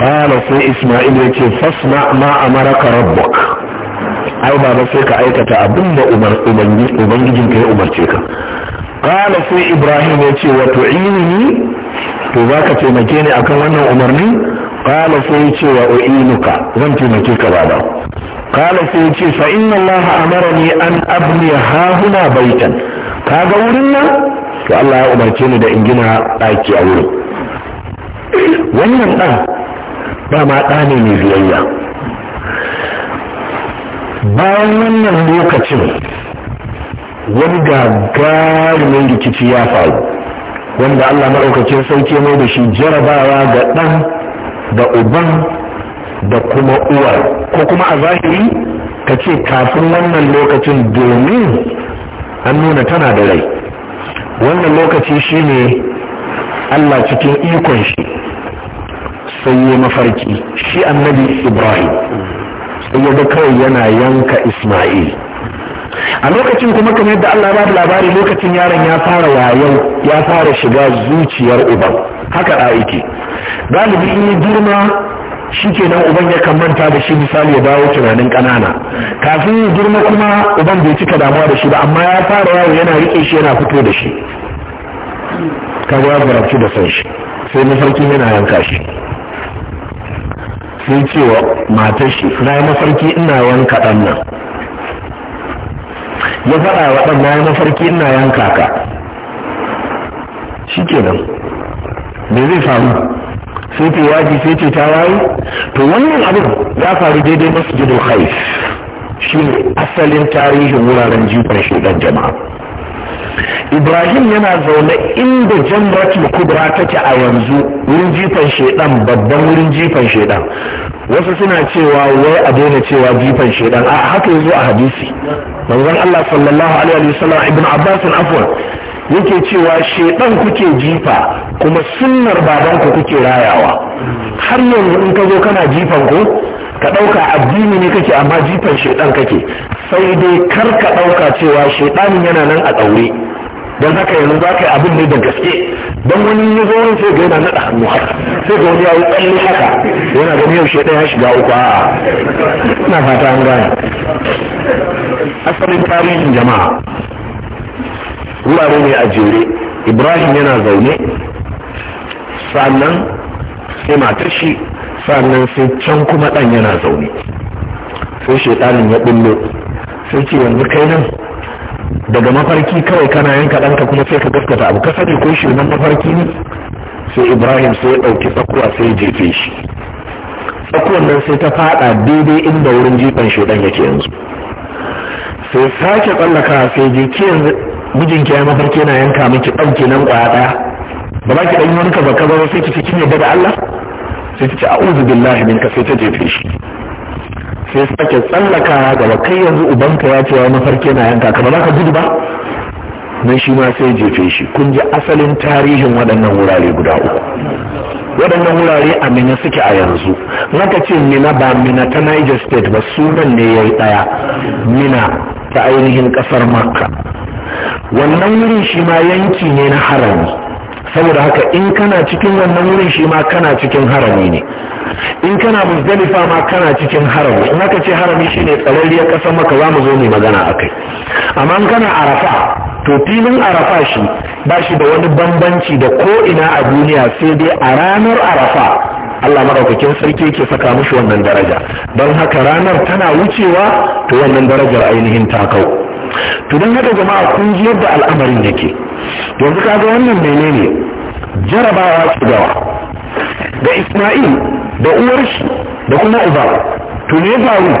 qala sai isma'il ya ce fasna ma amaraka rabbuk ai baba sai ka aikata abin da ubangijin ya umarce ka kala sai ibrahim ya ce wa tu'inni to za ka taimake ni akan wannan umarni kala sai ya ce wa u'inuka zan taimake ka baba kala sai ya ce fa inna allaha ni an abni hahuna baitan Ka ga wurin nan to Allah ya umarce ni da in gina ɗaki a wurin wannan ɗan ba ma ɗa ne mai biyayya bayan wannan lokacin wani gagarumin rikici ya faru wanda allah maɗaukacin sauke mai da shi jarabawa ga ɗan da uban da kuma uwa ko kuma a zahiri ka ce kafin wannan lokacin domin an nuna tana da rai wannan lokaci shi ne allah cikin ikon shi sai ya mafarki shi annabi ibrahim sai ya kawai yana yanka isma'il a lokacin kuma kamar yadda Allah ba labari lokacin yaron ya fara wayau ya fara shiga zuciyar uban haka da yake galibi in yi girma shi kenan uban ya manta da shi misali ya dawo tunanin kanana kafin yi girma kuma uban bai cika damuwa da shi ba amma ya fara yawo yana rike shi yana fito da shi kaga ya da san shi sai yana yanka shi sai cewa matar na yi mafarki ina wanka ɗan nan ya faɗa wa ɗan na yi mafarki ina yanka ka shi ke nan me zai faru sai ce waji sai ce ta wayi to wannan abin ya faru daidai jidon haif shi ne asalin tarihin wuraren jifar ɗan jama'a ibrahim yana zaune inda jamratul kubra take a yanzu wurin jifan shedan babban wurin jifan shedan wasu suna cewa wai a daina cewa jifan shedan a haka yazo a hadisi manzon Allah sallallahu alaihi wasallam ibn abbas afwan yake cewa shedan kuke jifa kuma sunnar babanku kuke rayawa har yanzu in ka zo kana jifan ku ka ɗauka addini ne kake amma jifan shaidan kake sai dai kar ka ɗauka cewa shaidanin yana nan a ɗaure don haka yanzu za ka yi abin ne da gaske don wani ya zo wani sai ga yana naɗa hannu haka sai ga wani ya yi tsalle haka yana gani yau shaidan ya shiga uku a ina fata an gane asalin tarihin jama'a wurare ne a jere ibrahim yana zaune sannan sai matar shi sannan sai can kuma ɗan yana zaune sai Shaitanin ya bullo sai ce yanzu kai nan daga mafarki kawai kana yanka ɗanka kuma sai ka gaskata abu ka sani ko shi nan mafarki ne sai ibrahim sai ya ɗauki tsakuwa sai jefe shi tsakuwan nan sai ta faɗa daidai inda wurin jifan shaidan yake yanzu sai sake tsallaka sai je ke yanzu mijinki ya mafarki yana yanka miki ɗauke nan ƙwaya ɗaya ba za ki ɗan yi wani kaza kaza sai ki cikin yadda da Allah sai ta ce a'udhu billahi minka sai ta jefe shi sai sake tsallaka gaba kai yanzu ubanka ya ce ya mafarki na yanka kamar za ka gudu ba nan shi ma sai jefe shi kun ji asalin tarihin waɗannan wurare guda uku waɗannan wurare a mina suke a yanzu naka ce mina ba mina ta niger state ba sunan ne ya yi ɗaya mina ta ainihin ƙasar makka wannan wurin shi ma yanki ne na harami saboda haka in kana cikin wannan wurin shi ma kana cikin harami ne in kana muzdalifa ma kana cikin harami in aka ce harami shi shine tsararriyar kasar maka za mu zo mai magana a kai. amma in kana arafa to filin arafa shi ba shi da wani bambanci da ko ina a duniya sai dai a ranar arafa Allah maraukakin sarki yake saka mushi wannan daraja don haka ranar tana wucewa to wannan darajar ainihin takau to don haka jama'a kun ji yadda al'amarin yake yanzu kaga wannan menene jarabawa ce gawa da isma'il da uwar shi da kuma uba to ne faru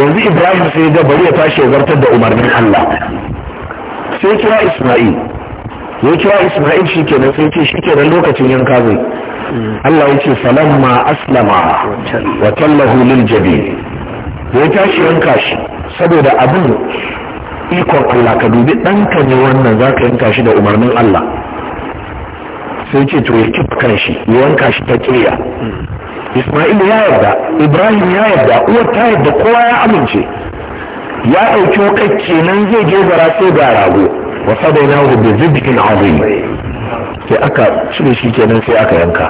yanzu ibrahim sai ya bari ya tashi zartar da umarnin allah sai kira isma'il ya kira isma'il shi kenan sai ce shi kenan lokacin yanka zai allah ya ce ma aslama wa tallahu lil jabi ya tashi yanka shi saboda abin ikon Allah ka dubi ɗanka ne wannan za ka yanka shi da umarnin Allah sai ce to ya kifa kan shi ya yanka shi ta kiriya Ismail ya yarda Ibrahim ya yarda uwar ta yarda kowa ya amince ya ɗauki wakacce kenan zai je gara sai ga rago wa sadainahu bi zibhin azim sai aka cire shi kenan sai aka yanka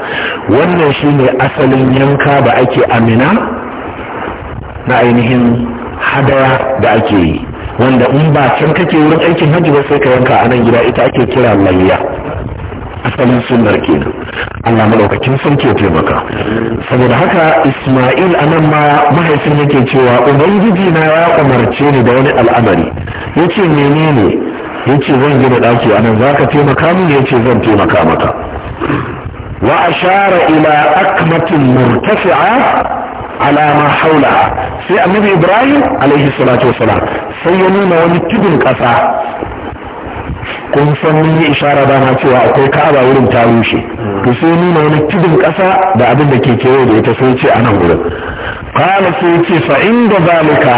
wannan shine asalin yanka da ake amina na ainihin hadaya da ake yi wanda in ba can kake wurin aikin hajji ba sai ka yanka a nan gida ita ake kira layya asalin sunnar kenan Allah madaukakin sun ke taimaka saboda haka Isma'il anan ma mahaifin yake cewa ubangiji na ya umarce ni da wani al'amari yace menene yace zan gina daki anan zaka taimaka min yace zan taimaka maka wa ashara ila akmatin murtafi'a alama haula sai annabi ibrahim alaihi salatu wasalam sai ya nuna wani tudun kasa kun san mun yi ishara dama cewa akwai ka'aba wurin ta rushe to sai nuna wani tudun kasa da abin da ke kewaye da ita sai ce a nan wurin qala sai ce fa inda zalika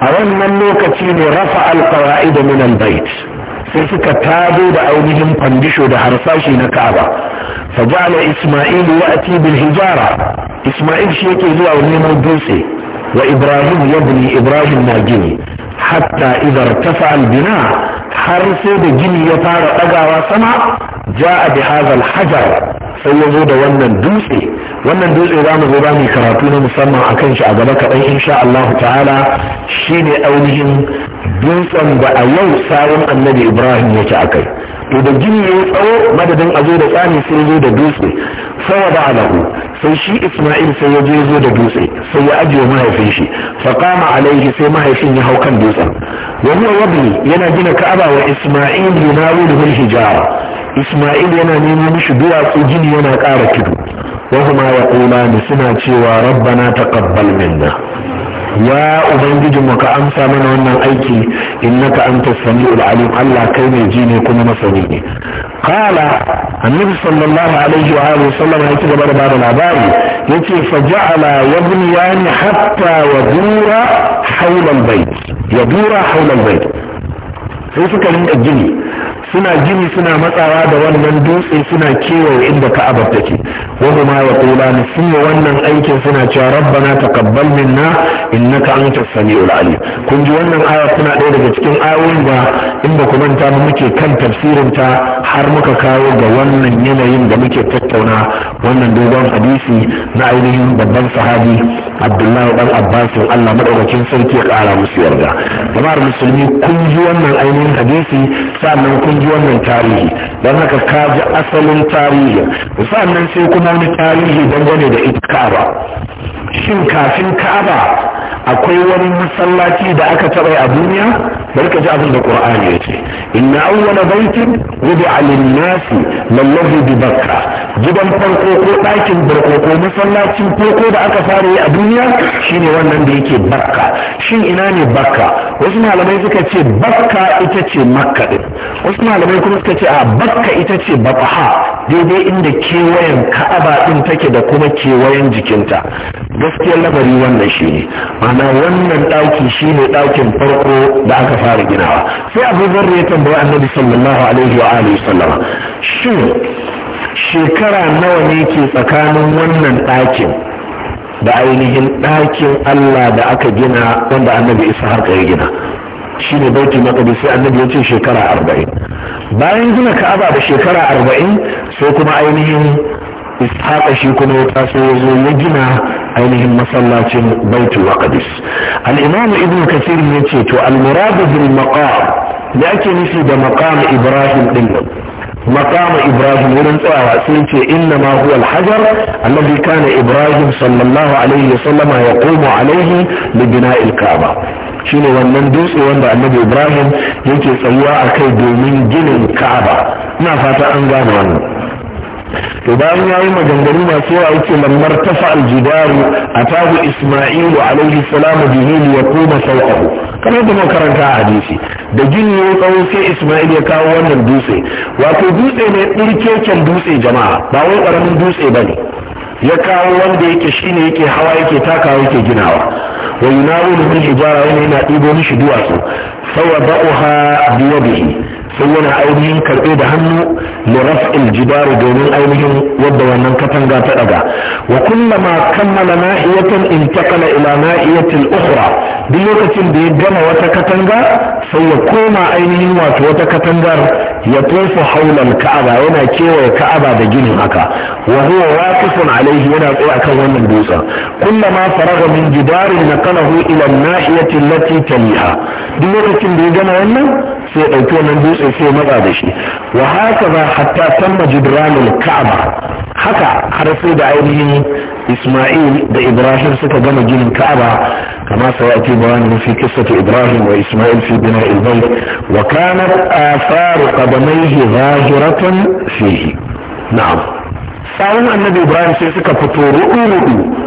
a wannan lokaci ne rafa alqawaid minan albayt sai suka tado da ainihin fandisho da harsashi na ka'aba fa ja'ala isma'ilu ya'ti bil hijara isma'il shi yake zuwa neman dutse wa ibrahim yabni ibrahim na gini hatta idza irtafa al bina har sai da gini ya fara ɗagawa sama ja a bi hazal hajar sai ya zo da wannan dutse wannan dutse za mu zo ba mu karatu na musamman a kan shi a gaba kaɗan insha Allah ta'ala shine ainihin dutsen da a yau sawun annabi Ibrahim yake a kai to da gini ya tsawo madadin a zo da tsani sai zo da dutse saboda alahu sai shi isma'il sai ya je zo da dutse sai ya ajiye mahaifin shi fa alaihi sai mahaifin ya hau kan dutsen wa huwa yabni yana gina ka'aba wa isma'il yunawilu bil hijara isma'il yana nemo mishi duwatsu gini yana ƙara tudu wa huma yaqulani suna cewa rabbana taqabbal minna ya ubangijin mu ka amsa mana wannan aiki innaka anta samiul alim Allah kai ne ji ne kuma masani ne qala annabi sallallahu alaihi wa alihi wasallam yake gaba da bada labari yace faja'ala yabniyani hatta yadura hawla albayt yadura hawla albayt sai suka rinka gini suna gini suna matsawa da wannan dutse suna kewaye inda ka'aba take wa huma yaqulani sun wannan aikin suna cewa rabbana taqabbal minna innaka antas samiul alim kun ji wannan aya suna ɗaya daga cikin ayoyin da inda ba ku manta mu muke kan tafsirin ta har muka kawo ga wannan yanayin da muke tattauna wannan dogon hadisi na ainihin babban sahabi abdullahi dan Abbas, allah madaukakin sarki ya kara musu yarda jama'ar musulmi kun ji wannan ainihin hadisi sannan kun ji wannan tarihi don haka ka ji asalin tarihi sannan sai kuma wani tarihi dangane da ita ka'aba shin kafin ka'aba akwai wani masallaci da aka taɓa a duniya bari ka ji abin da qur'ani ya ce inna awwala baitin wudi'a lin-nasi lallazi bi bakka gidan farko ko ɗakin barkoko masallacin farko da aka fara yi a duniya shine wannan da yake bakka shin ina ne bakka wasu malamai suka ce bakka ita ce makka din wasu malamai kuma suka ce a bakka ita ce batha daidai inda kewayen ka'aba din take da kuma kewayen jikinta gaskiyar labari wannan shi ne mana wannan ɗaki shi ne ɗakin farko da aka fara ginawa sai abu zarra ya tambayi annabi sallallahu alaihi wa alihi sallama shin shekara nawa ne ke tsakanin wannan ɗakin da ainihin ɗakin Allah da aka gina wanda annabi isa haka ya gina shi ne bauti makadi sai annabi ya ce shekara arba'in bayan gina ka'aba da shekara arba'in sai kuma ainihin ishaqa shi kuma ya taso ya zo ya gina ainihin masallacin baitul maqdis al-imam ibn kasir ya ce to al-murad bil maqam da ake nufi da maqam ibrahim din مقام إبراهيم ورن سنتي إنما هو الحجر الذي كان alaihi صلى الله عليه وسلم يقوم عليه لبناء الكعبة shine wannan dutse wanda annabi ibrahim yake tsayuwa a kai domin ginin ka'aba ina fata an gane wannan to bayan ya yi maganganu masu yawa yake lamar tafa aljidaru a tahu isma'ilu alaihi salamu bihi ya koma sauƙahu kamar da makaranta a hadisi da gini ya tsawo sai isma'il ya kawo wannan dutse wato dutse ne ɗirkeken dutse jama'a ba wai ƙaramin dutse ba ne ya kawo wanda yake shine yake hawa yake takawa yake ginawa wa yunawilu min hijara yana ɗibo mishi duwatsu fa wada'uha biyadihi sai yana ainihin karɓe da hannu na raf'il jidari domin ainihin wadda wannan katanga ta daga wa kullama kammala nahiyatan intakala ila nahiyatil ukhra duk lokacin da ya gama wata katanga sai ya koma ainihin wato wata katangar ya tofa haulan ka'aba yana kewaye ka'aba da ginin haka wa huwa waqifun alaihi yana tsaye akan wannan dutsen kullama faraga min jidarin naqalahu ila an-nahiyati taliha duk lokacin da ya gama wannan sai ya dauki wannan dutse sai sai matsa da shi wa haka ba hatta tamma jibranul ka'aba haka har sai da ainihin isma'il da ibrahim suka gama ginin ka'aba kama sawati bayanin fi qissati ibrahim wa isma'il fi bina'il bayt wa kanat atharu qadamayhi zahiratan fihi na'am sawun annabi ibrahim sai suka fito ru'u ru'u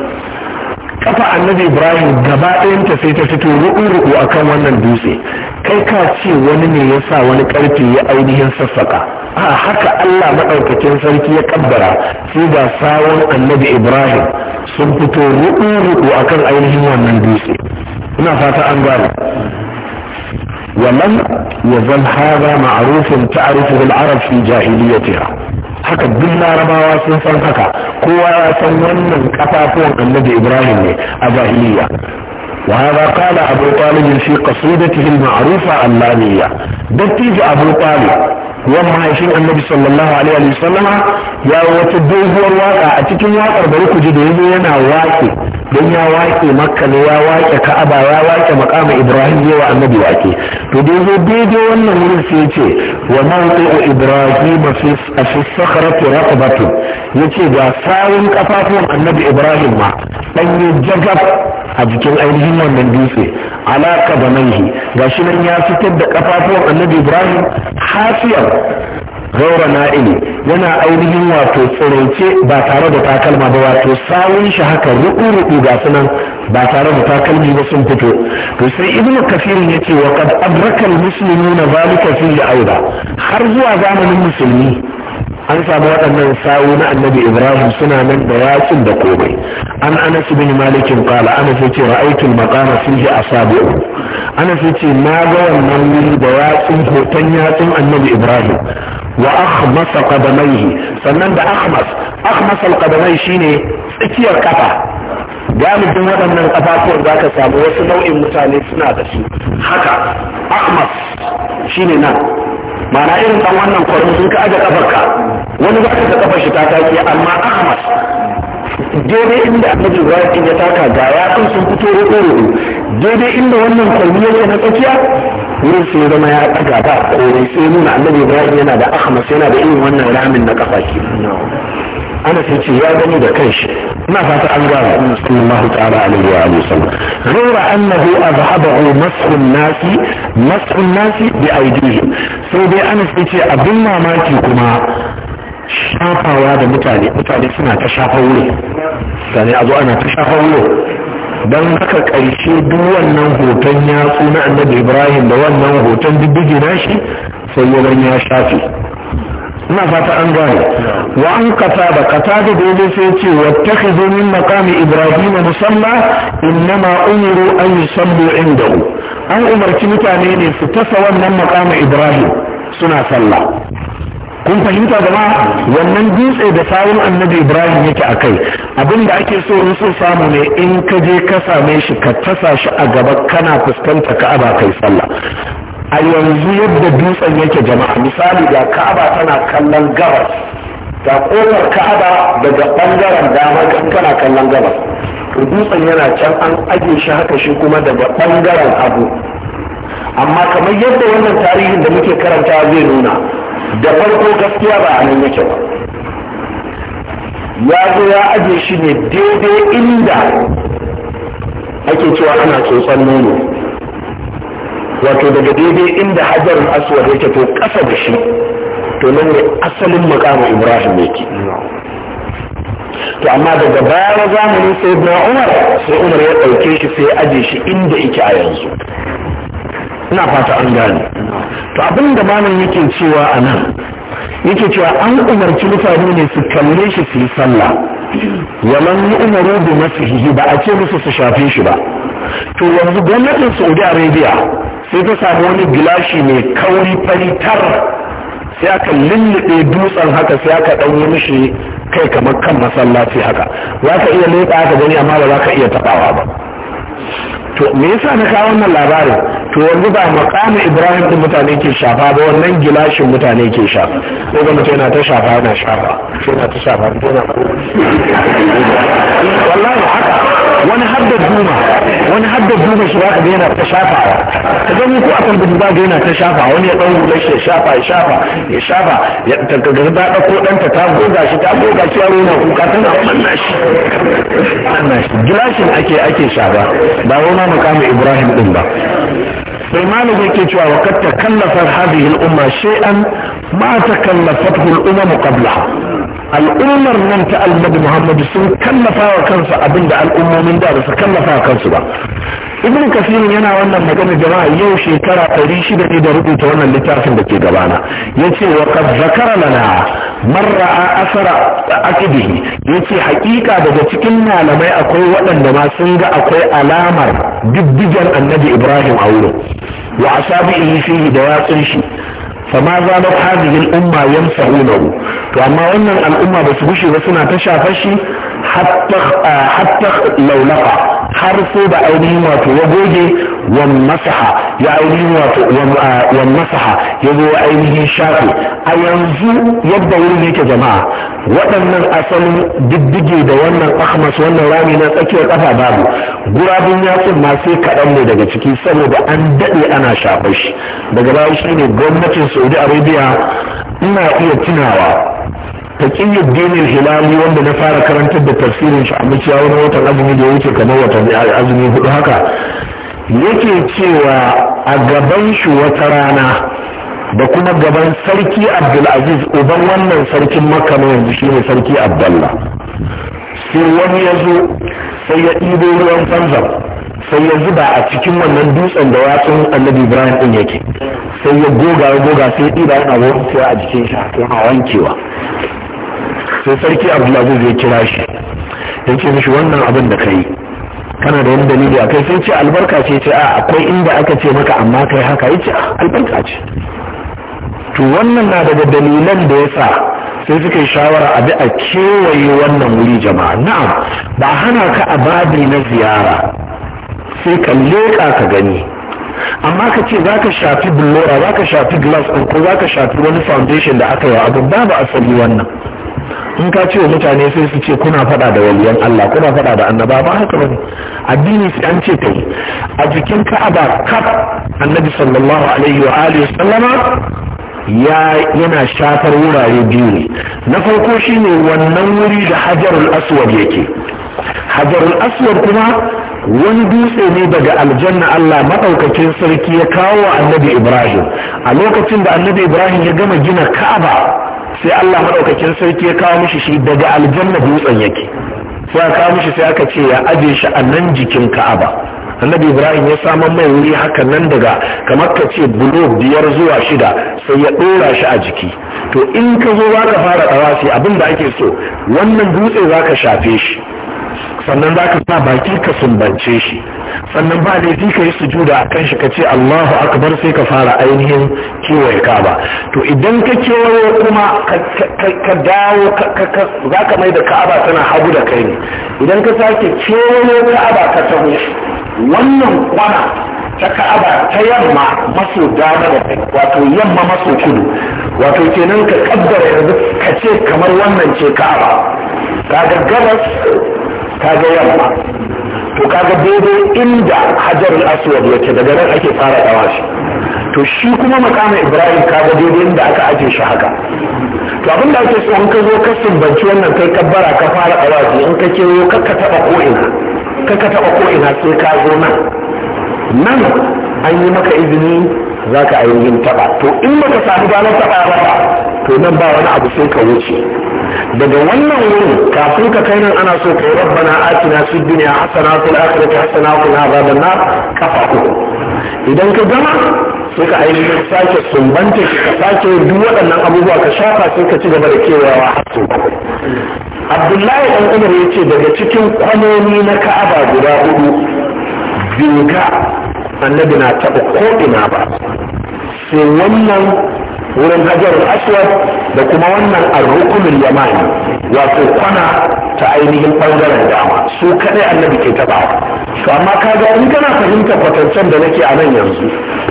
kafa annabi ibrahim gaba ɗayanta sai ta fito ruku-ruku a kan wannan dutse kai ka ce wani ne ya sa wani ƙarfe ya ainihin sassaƙa. a haka allah maɗaukakin sarki ya ƙabbara sai ga sawon annabi ibrahim sun fito ruku-ruku a kan ainihin wannan dutse ina fata an gano ولم يظل هذا معروف تعرفه العرب في جاهليتها haka duk larabawa sun san haka kowa ya san wannan kafafuwan annabi ibrahim ne a zahiriya wa hadha qala abu talib fi qasidatihi al-ma'rufa al-laniya dattijo abu talib wa mahaifin annabi sallallahu alaihi wa sallam ya wata doguwar waka a cikin wakar bari ku ji da yanzu yana wake don ya wake makka ne ya wake ka'aba ya wake makama ibrahim ya wa annabi wake to da yanzu daidai wannan wurin sai ce wa mawqi'u ibrahim fi as-sakhrati raqabatu yace ga sawun kafafuwan annabi ibrahim ma dan jagab a jikin ainihin wannan dutse alaka da manhi gashi nan ya fitar da kafafuwan annabi ibrahim hasiyar gaura na'ili yana ainihin wato tsirance ba tare da takalma ba wato sawun shi haka ruku ga sunan ba tare da takalmi ba sun fito to sai ibn kafirin ya ce wa kad adraka al-muslimuna zalika fi aida har zuwa zamanin musulmi an samu waɗannan sawu na annabi ibrahim suna nan da yatsun da komai an anas bin malikin qala anas yace ra'aytul maqama fihi asabi'u anas yace na ga wannan wuri da yatsun hoton yatsun annabi ibrahim wa akhmas qadamayhi sannan da akhmas akhmas alqadamai shine tsakiyar kafa galibin waɗannan kafafuwan za ka samu wasu nau'in mutane suna da su haka akhmas shine nan mana irin dan wannan kwarin sun ka aje kafarka wani ba ka kafar shi ta take amma ahmad daidai inda annabi ibrahim din ya taka ga yatsun sun fito roƙo roƙo daidai inda wannan kwalmi yake na tsakiya wurin sai zama ya ɗaga ba ko sai nuna annabi ibrahim yana da ahmad yana da irin wannan ramin na kafa ke ana sai ce ya gani da kanshi ina fata an gano sallallahu ta'ala alaihi wa alihi sallam ghayra annahu azhabahu mas'un nasi mas'un nasi bi aydihim sai dai ana sai ce abin mamaki kuma shafawa da mutane mutane suna ta shafa wuri sani a zo ana ta shafa wuri don haka karshe duk wannan hoton yatsu na annabi ibrahim da wannan hoton diddigi na shi sai ya ya shafe ina fata an gane wa an ba kasaba da yake sai ce wattakhidhu min maqami ibrahim musalla ma umiru an yusallu indahu an umarci mutane ne su tasa wannan maqami ibrahim suna sallah kun fahimta jama'a wannan dutse da sawun annabi ibrahim yake a kai abinda ake so su samu ne in ka je ka same shi ka tasa shi a gaba kana fuskanta ka'aba kai sallah a yanzu yadda dutsen yake jama'a misali ga ka'aba tana kallon gabas ga kofar ka'aba daga bangaren dama tana kallon gabas to dutsen yana can an ajiye shi haka shi kuma daga bangaren abu amma kamar yadda wannan tarihin da muke karanta zai nuna da farko gaskiya ba a nan yake ba ya zo ya aje shi ne daidai inda ake cewa ana tsotson nono wato daga daidai inda hajarul aswad yake to kasa da shi to nan ne asalin makamu ibrahim yake to amma daga baya zamani sai na umar sai umar ya ɗauke shi sai ya aje shi inda yake a yanzu ina fata an gane to abin da malam yake cewa a nan yake cewa an umarci mutane ne su kalle shi su yi sallah yaman yi umaru da masihihi ba a ce musu su shafe shi ba to yanzu gwamnatin saudi arabia sai ta samu wani gilashi mai kauri fari sai aka lullube dutsen haka sai aka ɗanyi mishi kai kamar kan masallaci haka za ka iya leɓa aka gani amma ba za ka iya taɓawa ba to me yasa na kawo wannan labarin to yanzu ba makamu ibrahim din mutane ke shafa ba wannan gilashin mutane ke shafa ko ga mutane yana ta shafa yana shafa yana ta shafa yana wallahi haka wani har da duma wani haddar duba shi zaka ga yana ta shafawa ka gani ko akan gudu ba ga yana ta shafa wani ya dan hular shi ya shafa ya shafa ya shafa ya tagaga da dauko danta ta goga shi ta goga shi yaro yana kuka tana wannan shi manna shi gilashin ake ake shafa ba wani makamin Ibrahim din ba sai malam yake cewa wa kad takallafat hadhihi al-umma shay'an ma takallafatuhu al-umam qablaha al'ummar nan ta Almadu muhammadu sun kallafa wa kansu abin da al'ummomin da ba su kallafa wa kansu ba ibn kasirin yana wannan magana jama'a yau shekara ɗari shida ne da rubuta wannan littafin da ke gabana ya ce wa kad zakara lana marra a asara akidihi ya ce hakika daga cikin malamai akwai waɗanda ma sun ga akwai alamar diddigen annabi ibrahim a wurin wa asabi fihi da yatsun shi fama zalat hadhihi al-umma yamsahuna to amma wannan al'umma ba su gushe ba suna ta shafashi. Ah, hatta laulafa har sai da ainihin wato ya goge wan masaha ya ainihin wato ah, wan masaha ya zo ainihin shafe a yanzu yadda wurin yake jama'a waɗannan asalin diddige da wannan ahmas wannan rami na tsakiyar ƙafa babu gurabin yatsun ma sai kaɗan ne daga ciki saboda an daɗe ana shafar shi daga baya shi ne gwamnatin saudi arabia ina iya tunawa taqiyuddin al-hilali wanda na fara karantar da tafsirin shi a muciya wani watan azumi da yake kamar watan azumi hudu haka yake cewa a gaban shi wata rana da kuma gaban sarki abdulaziz uban wannan sarkin makka na yanzu shine sarki abdallah sai wani ya zo sai ya ɗibo ruwan zamzam sai ya zuba a cikin wannan dutsen da wasan annabi ibrahim din yake sai ya goga goga sai ya ɗiba yana ruwan sai a jikin shi a wankewa sai sarki abdulaziz ya kira shi ya ce mishi wannan abin da kai kana da wani dalili a kai sai ce albarka ce ce a akwai inda aka ce maka amma kai haka ya ce ah, albarka ce to wannan na daga dalilan da ya sa sai suka yi shawara a bi a kewaye wannan wuri jama'a na'am ba hana ka a babi na ziyara sai ka leƙa ka gani amma ka ce za ka shafi bullora za ka shafi glass ko za ka shafi wani foundation da aka yi abin babu asali wannan in ka ce wa mutane sai su ce kuna faɗa da waliyan Allah kuna faɗa da annaba ba haka bane addini sai an ce kai a jikin Ka'aba kaf Annabi sallallahu alaihi wa alihi sallama ya yana shafar wurare biyu ne na farko shine wannan wuri da Hajarul Aswad yake Hajarul Aswad kuma wani dutse ne daga aljanna Allah maɗaukakin sarki ya kawo wa Annabi Ibrahim a lokacin da Annabi Ibrahim ya gama gina Ka'aba sai Allah maɗaukakin sarki ya kawo mishi shi daga aljanna dutsen yake sai ya kawo mishi sai aka ce ya aje shi a nan jikin Ka'aba annabi Ibrahim ya samu mai wuri haka nan daga kamar ka ce bulo biyar zuwa shida sai ya ɗora shi a jiki to in ka zo za ka fara sai abin da ake so wannan dutse za ka shafe shi sannan za ka sa baki ka sumbance shi sannan ba laifi ka yi sujuda a kan shi ka ce Allahu akbar sai ka fara ainihin kewaye kaba to idan ka kewayo kuma ka dawo za ka mai da ka'aba tana hagu da kai ne idan ka sake kewayo ka'aba ka taho wannan kwana ta ka'aba ta yamma maso dama da kai wato yamma maso kudu wato kenan ka kaddara yanzu ka ce kamar wannan ce ka'aba kaga gabas kaga yamma to kaga daidai inda hajar aswad yake daga nan ake fara dawa shi to shi kuma makamin ibrahim kaga daidai inda aka aje shi haka to abin da ake so in ka zo ka sumbanci wannan kai kabbara ka fara dawa in ka ke yo, ka taba ko ina ka ka taba ko ina sai ka zo nan nan an yi maka izini za ka taba to in baka samu damar taba ba to nan ba wani abu sai ka wuce daga wannan wurin kafin ka kai nan ana so ka yi rabbana atina fi dunya hasana fil akhirati hasana wa qina adhaban nar kafa ku. idan ka gama sai ka ainihin sake sumbanta ka sake duk waɗannan abubuwa ka shafa sai ka ci gaba da kewayawa har sau abdullahi dan umar ya ce daga cikin kwanoni na ka'aba guda hudu bai ka annabi na taɓa ko'ina ba sai wannan wurin hajar aswad da kuma wannan arrukumin yamani wato kwana ta ainihin ɓangaren dama su kaɗai annabi ke taba to amma kaga in kana fahimtar kwatancen da nake a nan yanzu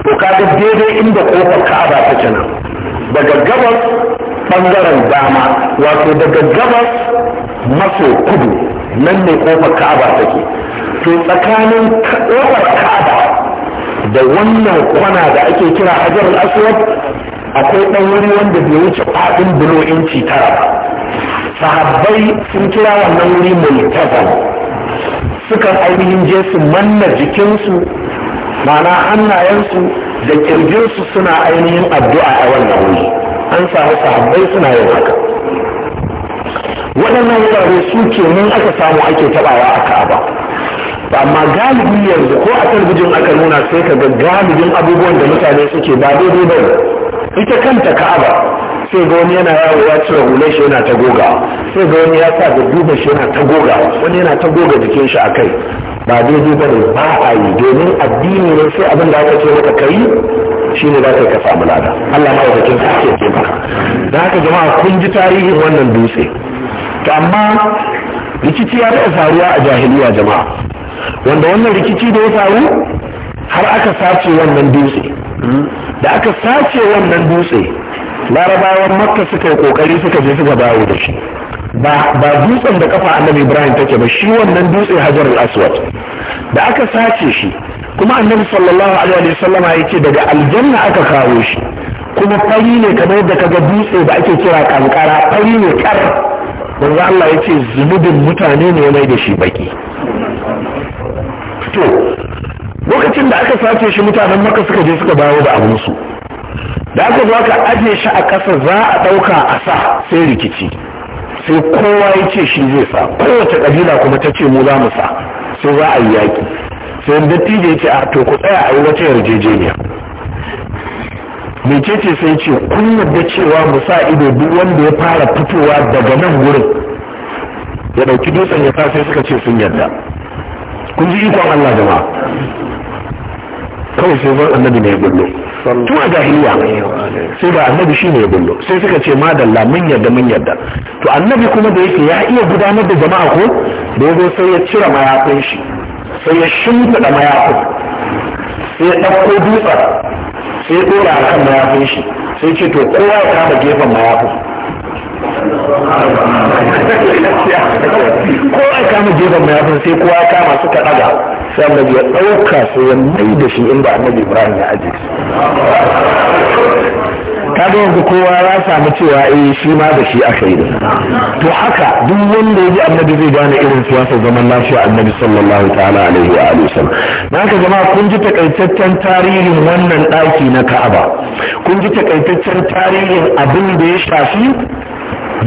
to kaga daidai inda kofar ka'aba take nan daga gabas bangaren dama wato daga gabas maso kudu nan ne kofar ka'aba ke, to tsakanin kofar ka'aba da wannan kwana da ake kira hajar aswad akwai ɗan wuri wanda bai wuce faɗin bulo tara ba sahabbai sun kira wannan wuri multazam sukan ainihin je su manna jikinsu mana hannayensu da kirjinsu suna ainihin addu'a a wannan wuri an samu sahabbai suna yin haka waɗannan wurare su ke nan aka samu ake taɓawa a ka'aba amma galibi yanzu ko a talbijin aka nuna sai ka ga galibin abubuwan da mutane suke ba daidai ba ita kanta ka'aba sai ga wani yana yawo ya cire hular shi yana ta goga sai ga wani ya sa da duba shi yana ta goga wani yana ta goga jikin shi a kai ba daidai ba ne ba a yi domin addini ne sai abin da aka ce maka kai shi ne za ka ka samu lada Allah ma wajen ce ke maka da haka jama'a kun ji tarihin wannan dutse to amma rikici ya taɓa faruwa a jahiliya jama'a wanda wannan rikici da ya faru har aka sace wannan dutse da aka sace wannan dutse larabawan makka suka yi kokari suka je suka bawo da shi ba dutsen da kafa annabi ibrahim take ba shi wannan dutse hajar al-aswad da aka sace shi kuma annabi sallallahu alaihi wa ya ce daga aljanna aka kawo shi kuma fari ne kamar yadda kaga dutse da ake kira kankara fari ne kar manzo Allah yace zunubin mutane ne ya mai da shi baki to lokacin da aka sace shi mutanen maka suka je suka dawo da abinsu da aka zo aka aje shi a ƙasa za a ɗauka a sa sai rikici sai kowa ya ce shi zai sa kowace ƙabila kuma ta ce mu za mu sa sai za a yi yaƙi sai dattijo tije ce a to ku tsaya a yi wata yarjejeniya ce sai ce kun yarda cewa mu sa ido duk wanda ya fara fitowa daga nan wurin ya ɗauki dutsen ya sa sai suka ce sun yarda kun ji ikon Allah jama'a kawai sai zan annabi ne ya gullo tun a jahiliya sai ba annabi shi ne ya gullo sai suka ce ma da lamun yadda mun yadda, to annabi kuma da yake ya iya gudanar da jama'a ko da ya zo sai ya cire mayafin shi sai ya shimfiɗa mayafin sai ya ɗauko dutsen sai ya ɗora a kan mayafin shi sai ce to kowa ya kama gefen mayafin [laughs] ko a kama gefen mayafin sai kowa ya kama suka ɗaga Sannan ya ɗauka su ya mai da shi inda annabi ibrahim ya aje kaga yanzu kowa ya samu cewa eh shi ma da shi aka yi to haka duk wanda ya ji annabi zai gane irin siyasa zaman lafiya annabi sallallahu ta'ala alaihi wa alihi wasallam Na haka jama'a kun ji takaitaccen tarihin wannan ɗaki na Ka'aba kun ji takaitaccen tarihin abin da ya shafi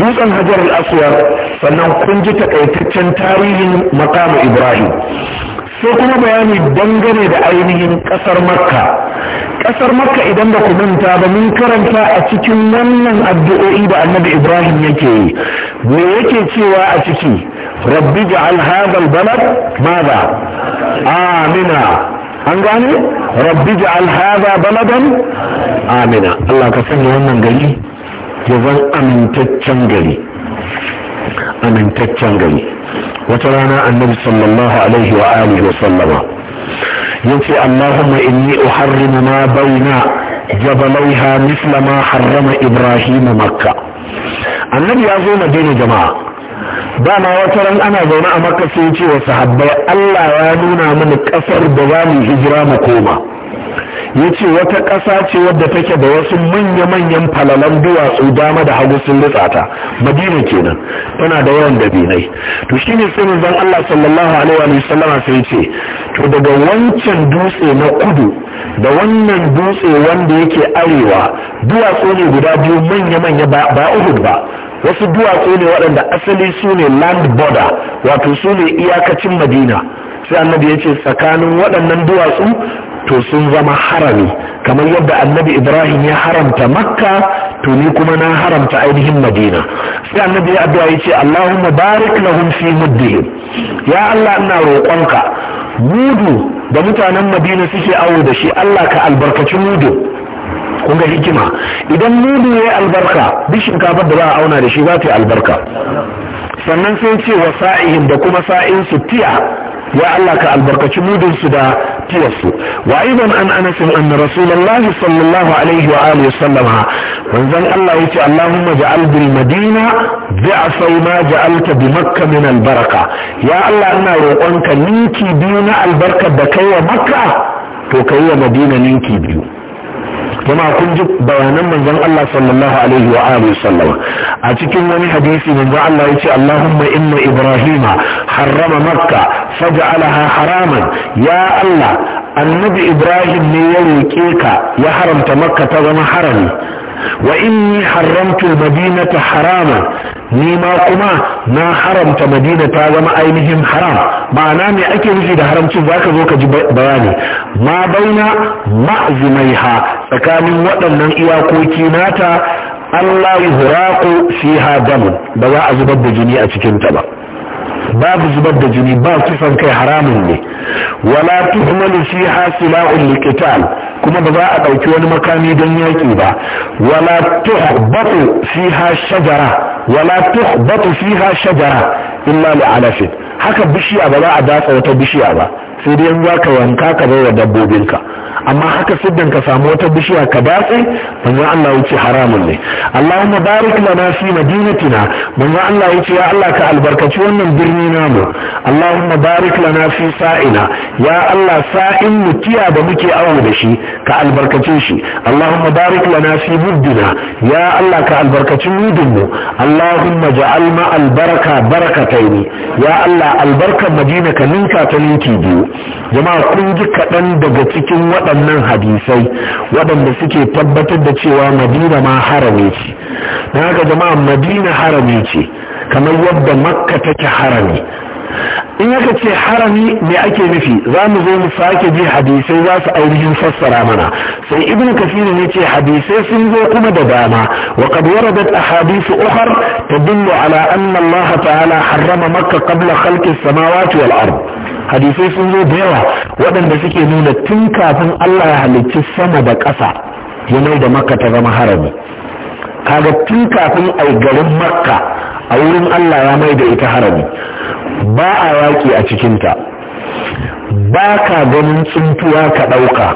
dutsen Hajar al sannan kun ji takaitaccen tarihin makamu Ibrahim sai kuma bayani dangane da ainihin kasar makka kasar makka idan ba ku manta ba mun karanta a cikin wannan addu'o'i da annabi ibrahim yake yi me yake cewa a ciki rabbi ja'al hadha albalad amina an gane rabbi baladan amina Allah ka sanya wannan gari ya zan amintaccen gari amintaccen gari wata rana annabi sallallahu alaihi wa alihi wa sallama yace allahumma inni uharrimu ma baina jabalaiha misla ma harrama ibrahim makka annabi ya zo madina jama'a dama wata ran ana zaune a makka sai ce wa sahabbai Allah ya nuna mini kasar da za mu hijira mu koma ya ce wata ƙasa ce wadda take da wasu manya-manyan falalan duwatsu dama da hagu sun ta madina kenan tana da yawan dabinai to shi ne sai manzon Allah sallallahu alaihi wa sallama sai ce to daga wancan dutse na kudu da wannan dutse wanda yake arewa duwatsu ne guda biyu manya-manya ba Uhud ba wasu duwatsu ne waɗanda asali su ne land border wato su ne iyakacin madina sai annabi ya ce tsakanin waɗannan duwatsu to sun zama harami kamar yadda annabi ibrahim ya haramta makka to ni kuma na haramta ainihin madina sai annabi ya addu'a ce allahumma barik lahum fi muddihim ya allah ina roƙonka mudu da mutanen madina suke awo da shi allah ka albarkaci mudu kun ga hikima idan mudu ya albarka duk shinkafar da za a auna da shi za ta yi albarka sannan sai ce wa sa'ihin da kuma sa'in su tiya ya Allah ka albarkaci mudinsu su da tiyarsu wa aidan an anas an rasulullahi sallallahu alaihi wa alihi sallama wanzan Allah yace Allahumma ja'al bil madina da'fa ma ja'alta bi makka min al baraka ya Allah ina roƙonka ninki biyu na albarkar da kai wa makka to kai wa madina ninki biyu jama'a kun ji bayanan manzon Allah sallallahu alaihi wa alihi sallama a cikin wani hadisi manzon Allah yace Allahumma inna Ibrahima harrama Makka faj'alaha haraman ya Allah annabi Ibrahim ne ya roke ka ya haramta Makka ta zama harami wa inni haramtu madinata harama ni ma kuma na haramta madina ta zama ainihin haram ma'ana me ake rufe da haramcin zaka zo ka ji bayani ma baina ma'zumaiha tsakanin waɗannan iyakoki nata Allah yuhraqu fiha damun da za a zubar da jini a cikin ta ba babu zubar da jini ba kisan kai haramun ne wala tuhmalu fiha sila'un liqital kuma ba za a ɗauki wani makami don yaƙi ba wala tuhbatu fiha shajara wala tuhbatu fiha shajara illa li alafin haka bishiya ba za a datsa wata bishiya ba sai dai in zaka ka wanka ka baiwa wa dabbobinka amma haka siddan ka samu wata bishiya ka datse manzon Allah yace haramun ne Allahumma barik lana fi madinatina manzon Allah yace ya Allah ka albarkaci wannan birni namu Allahumma barik lana fi sa'ina ya Allah sa'in mutiya da muke awo da shi ka albarkace shi Allahumma barik lana fi buddina ya Allah ka albarkaci mudin mu Allahumma ja'al ma albaraka barakataini ya Allah albarkar madina ninka ta ninki biyu jama'a kun ji kaɗan daga cikin waɗanda waɗannan hadisai waɗanda suke tabbatar da cewa madina ma harami ce na haka jama'a madina harami ce kamar yadda makka take harami in yaka ce harami me ake nufi za mu zo mu sake ji hadisai za su ainihin fassara mana sai ibn kafir ne ce hadisai sun zo kuma da dama wa qad waradat ahadith ukhar tadullu ala anna allah ta'ala harrama makka qabla khalqi as-samawati wal ard hadisai sun zo da yawa waɗanda suke nuna tun kafin Allah ya halicci sama da ƙasa ya mai da makka ta zama harami kaga tun kafin a garin makka a wurin Allah ya mai da ita harami ba a yaƙi a cikinta ba ka ganin tsuntuwa ka ɗauka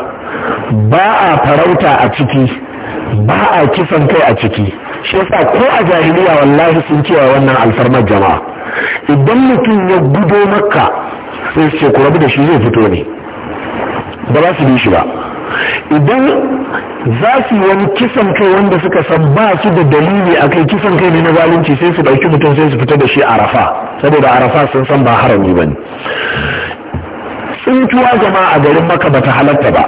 ba a farauta a ciki ba a kisan kai a ciki shi yasa ko a jahiliya wallahi sun cewa wannan alfarmar jama'a idan mutum ya gudo makka sai su ce ku rabu da shi zai fito ne ba za su bi shi ba idan za su yi wani kisan kai wanda suka san ba su da dalili a kai kisan kai ne na zalunci sai su ɗauki mutum sai su fita da shi arafa saboda arafa sun san ba harami ba ne tsintuwa jama'a a garin maka bata halatta ba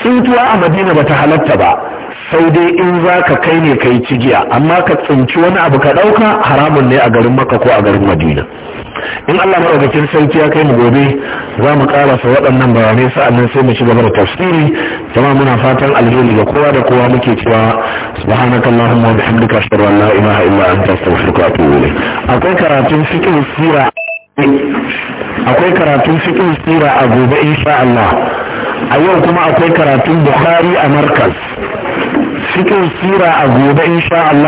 tsintuwa a madina bata halatta ba sai dai in za ka kai ne ka yi cigiya amma ka tsinci wani abu ka ɗauka haramun ne a garin maka ko a garin madina in allah maɗaukakin sarki ya kai mu gobe za mu ƙarasa waɗannan bayanai sa'annan sai mu ci gaba da tafsiri jama muna fatan alheri ga kowa da kowa muke cewa subhanaka allahumma wa bihamdika ashhadu an la ilaha illa anta astaghfiruka wa atubu akwai karatun fiqh sira akwai karatun fiqh sira a gobe insha allah a yau kuma akwai karatun bukhari a markaz cikin sira a gobe insha Allah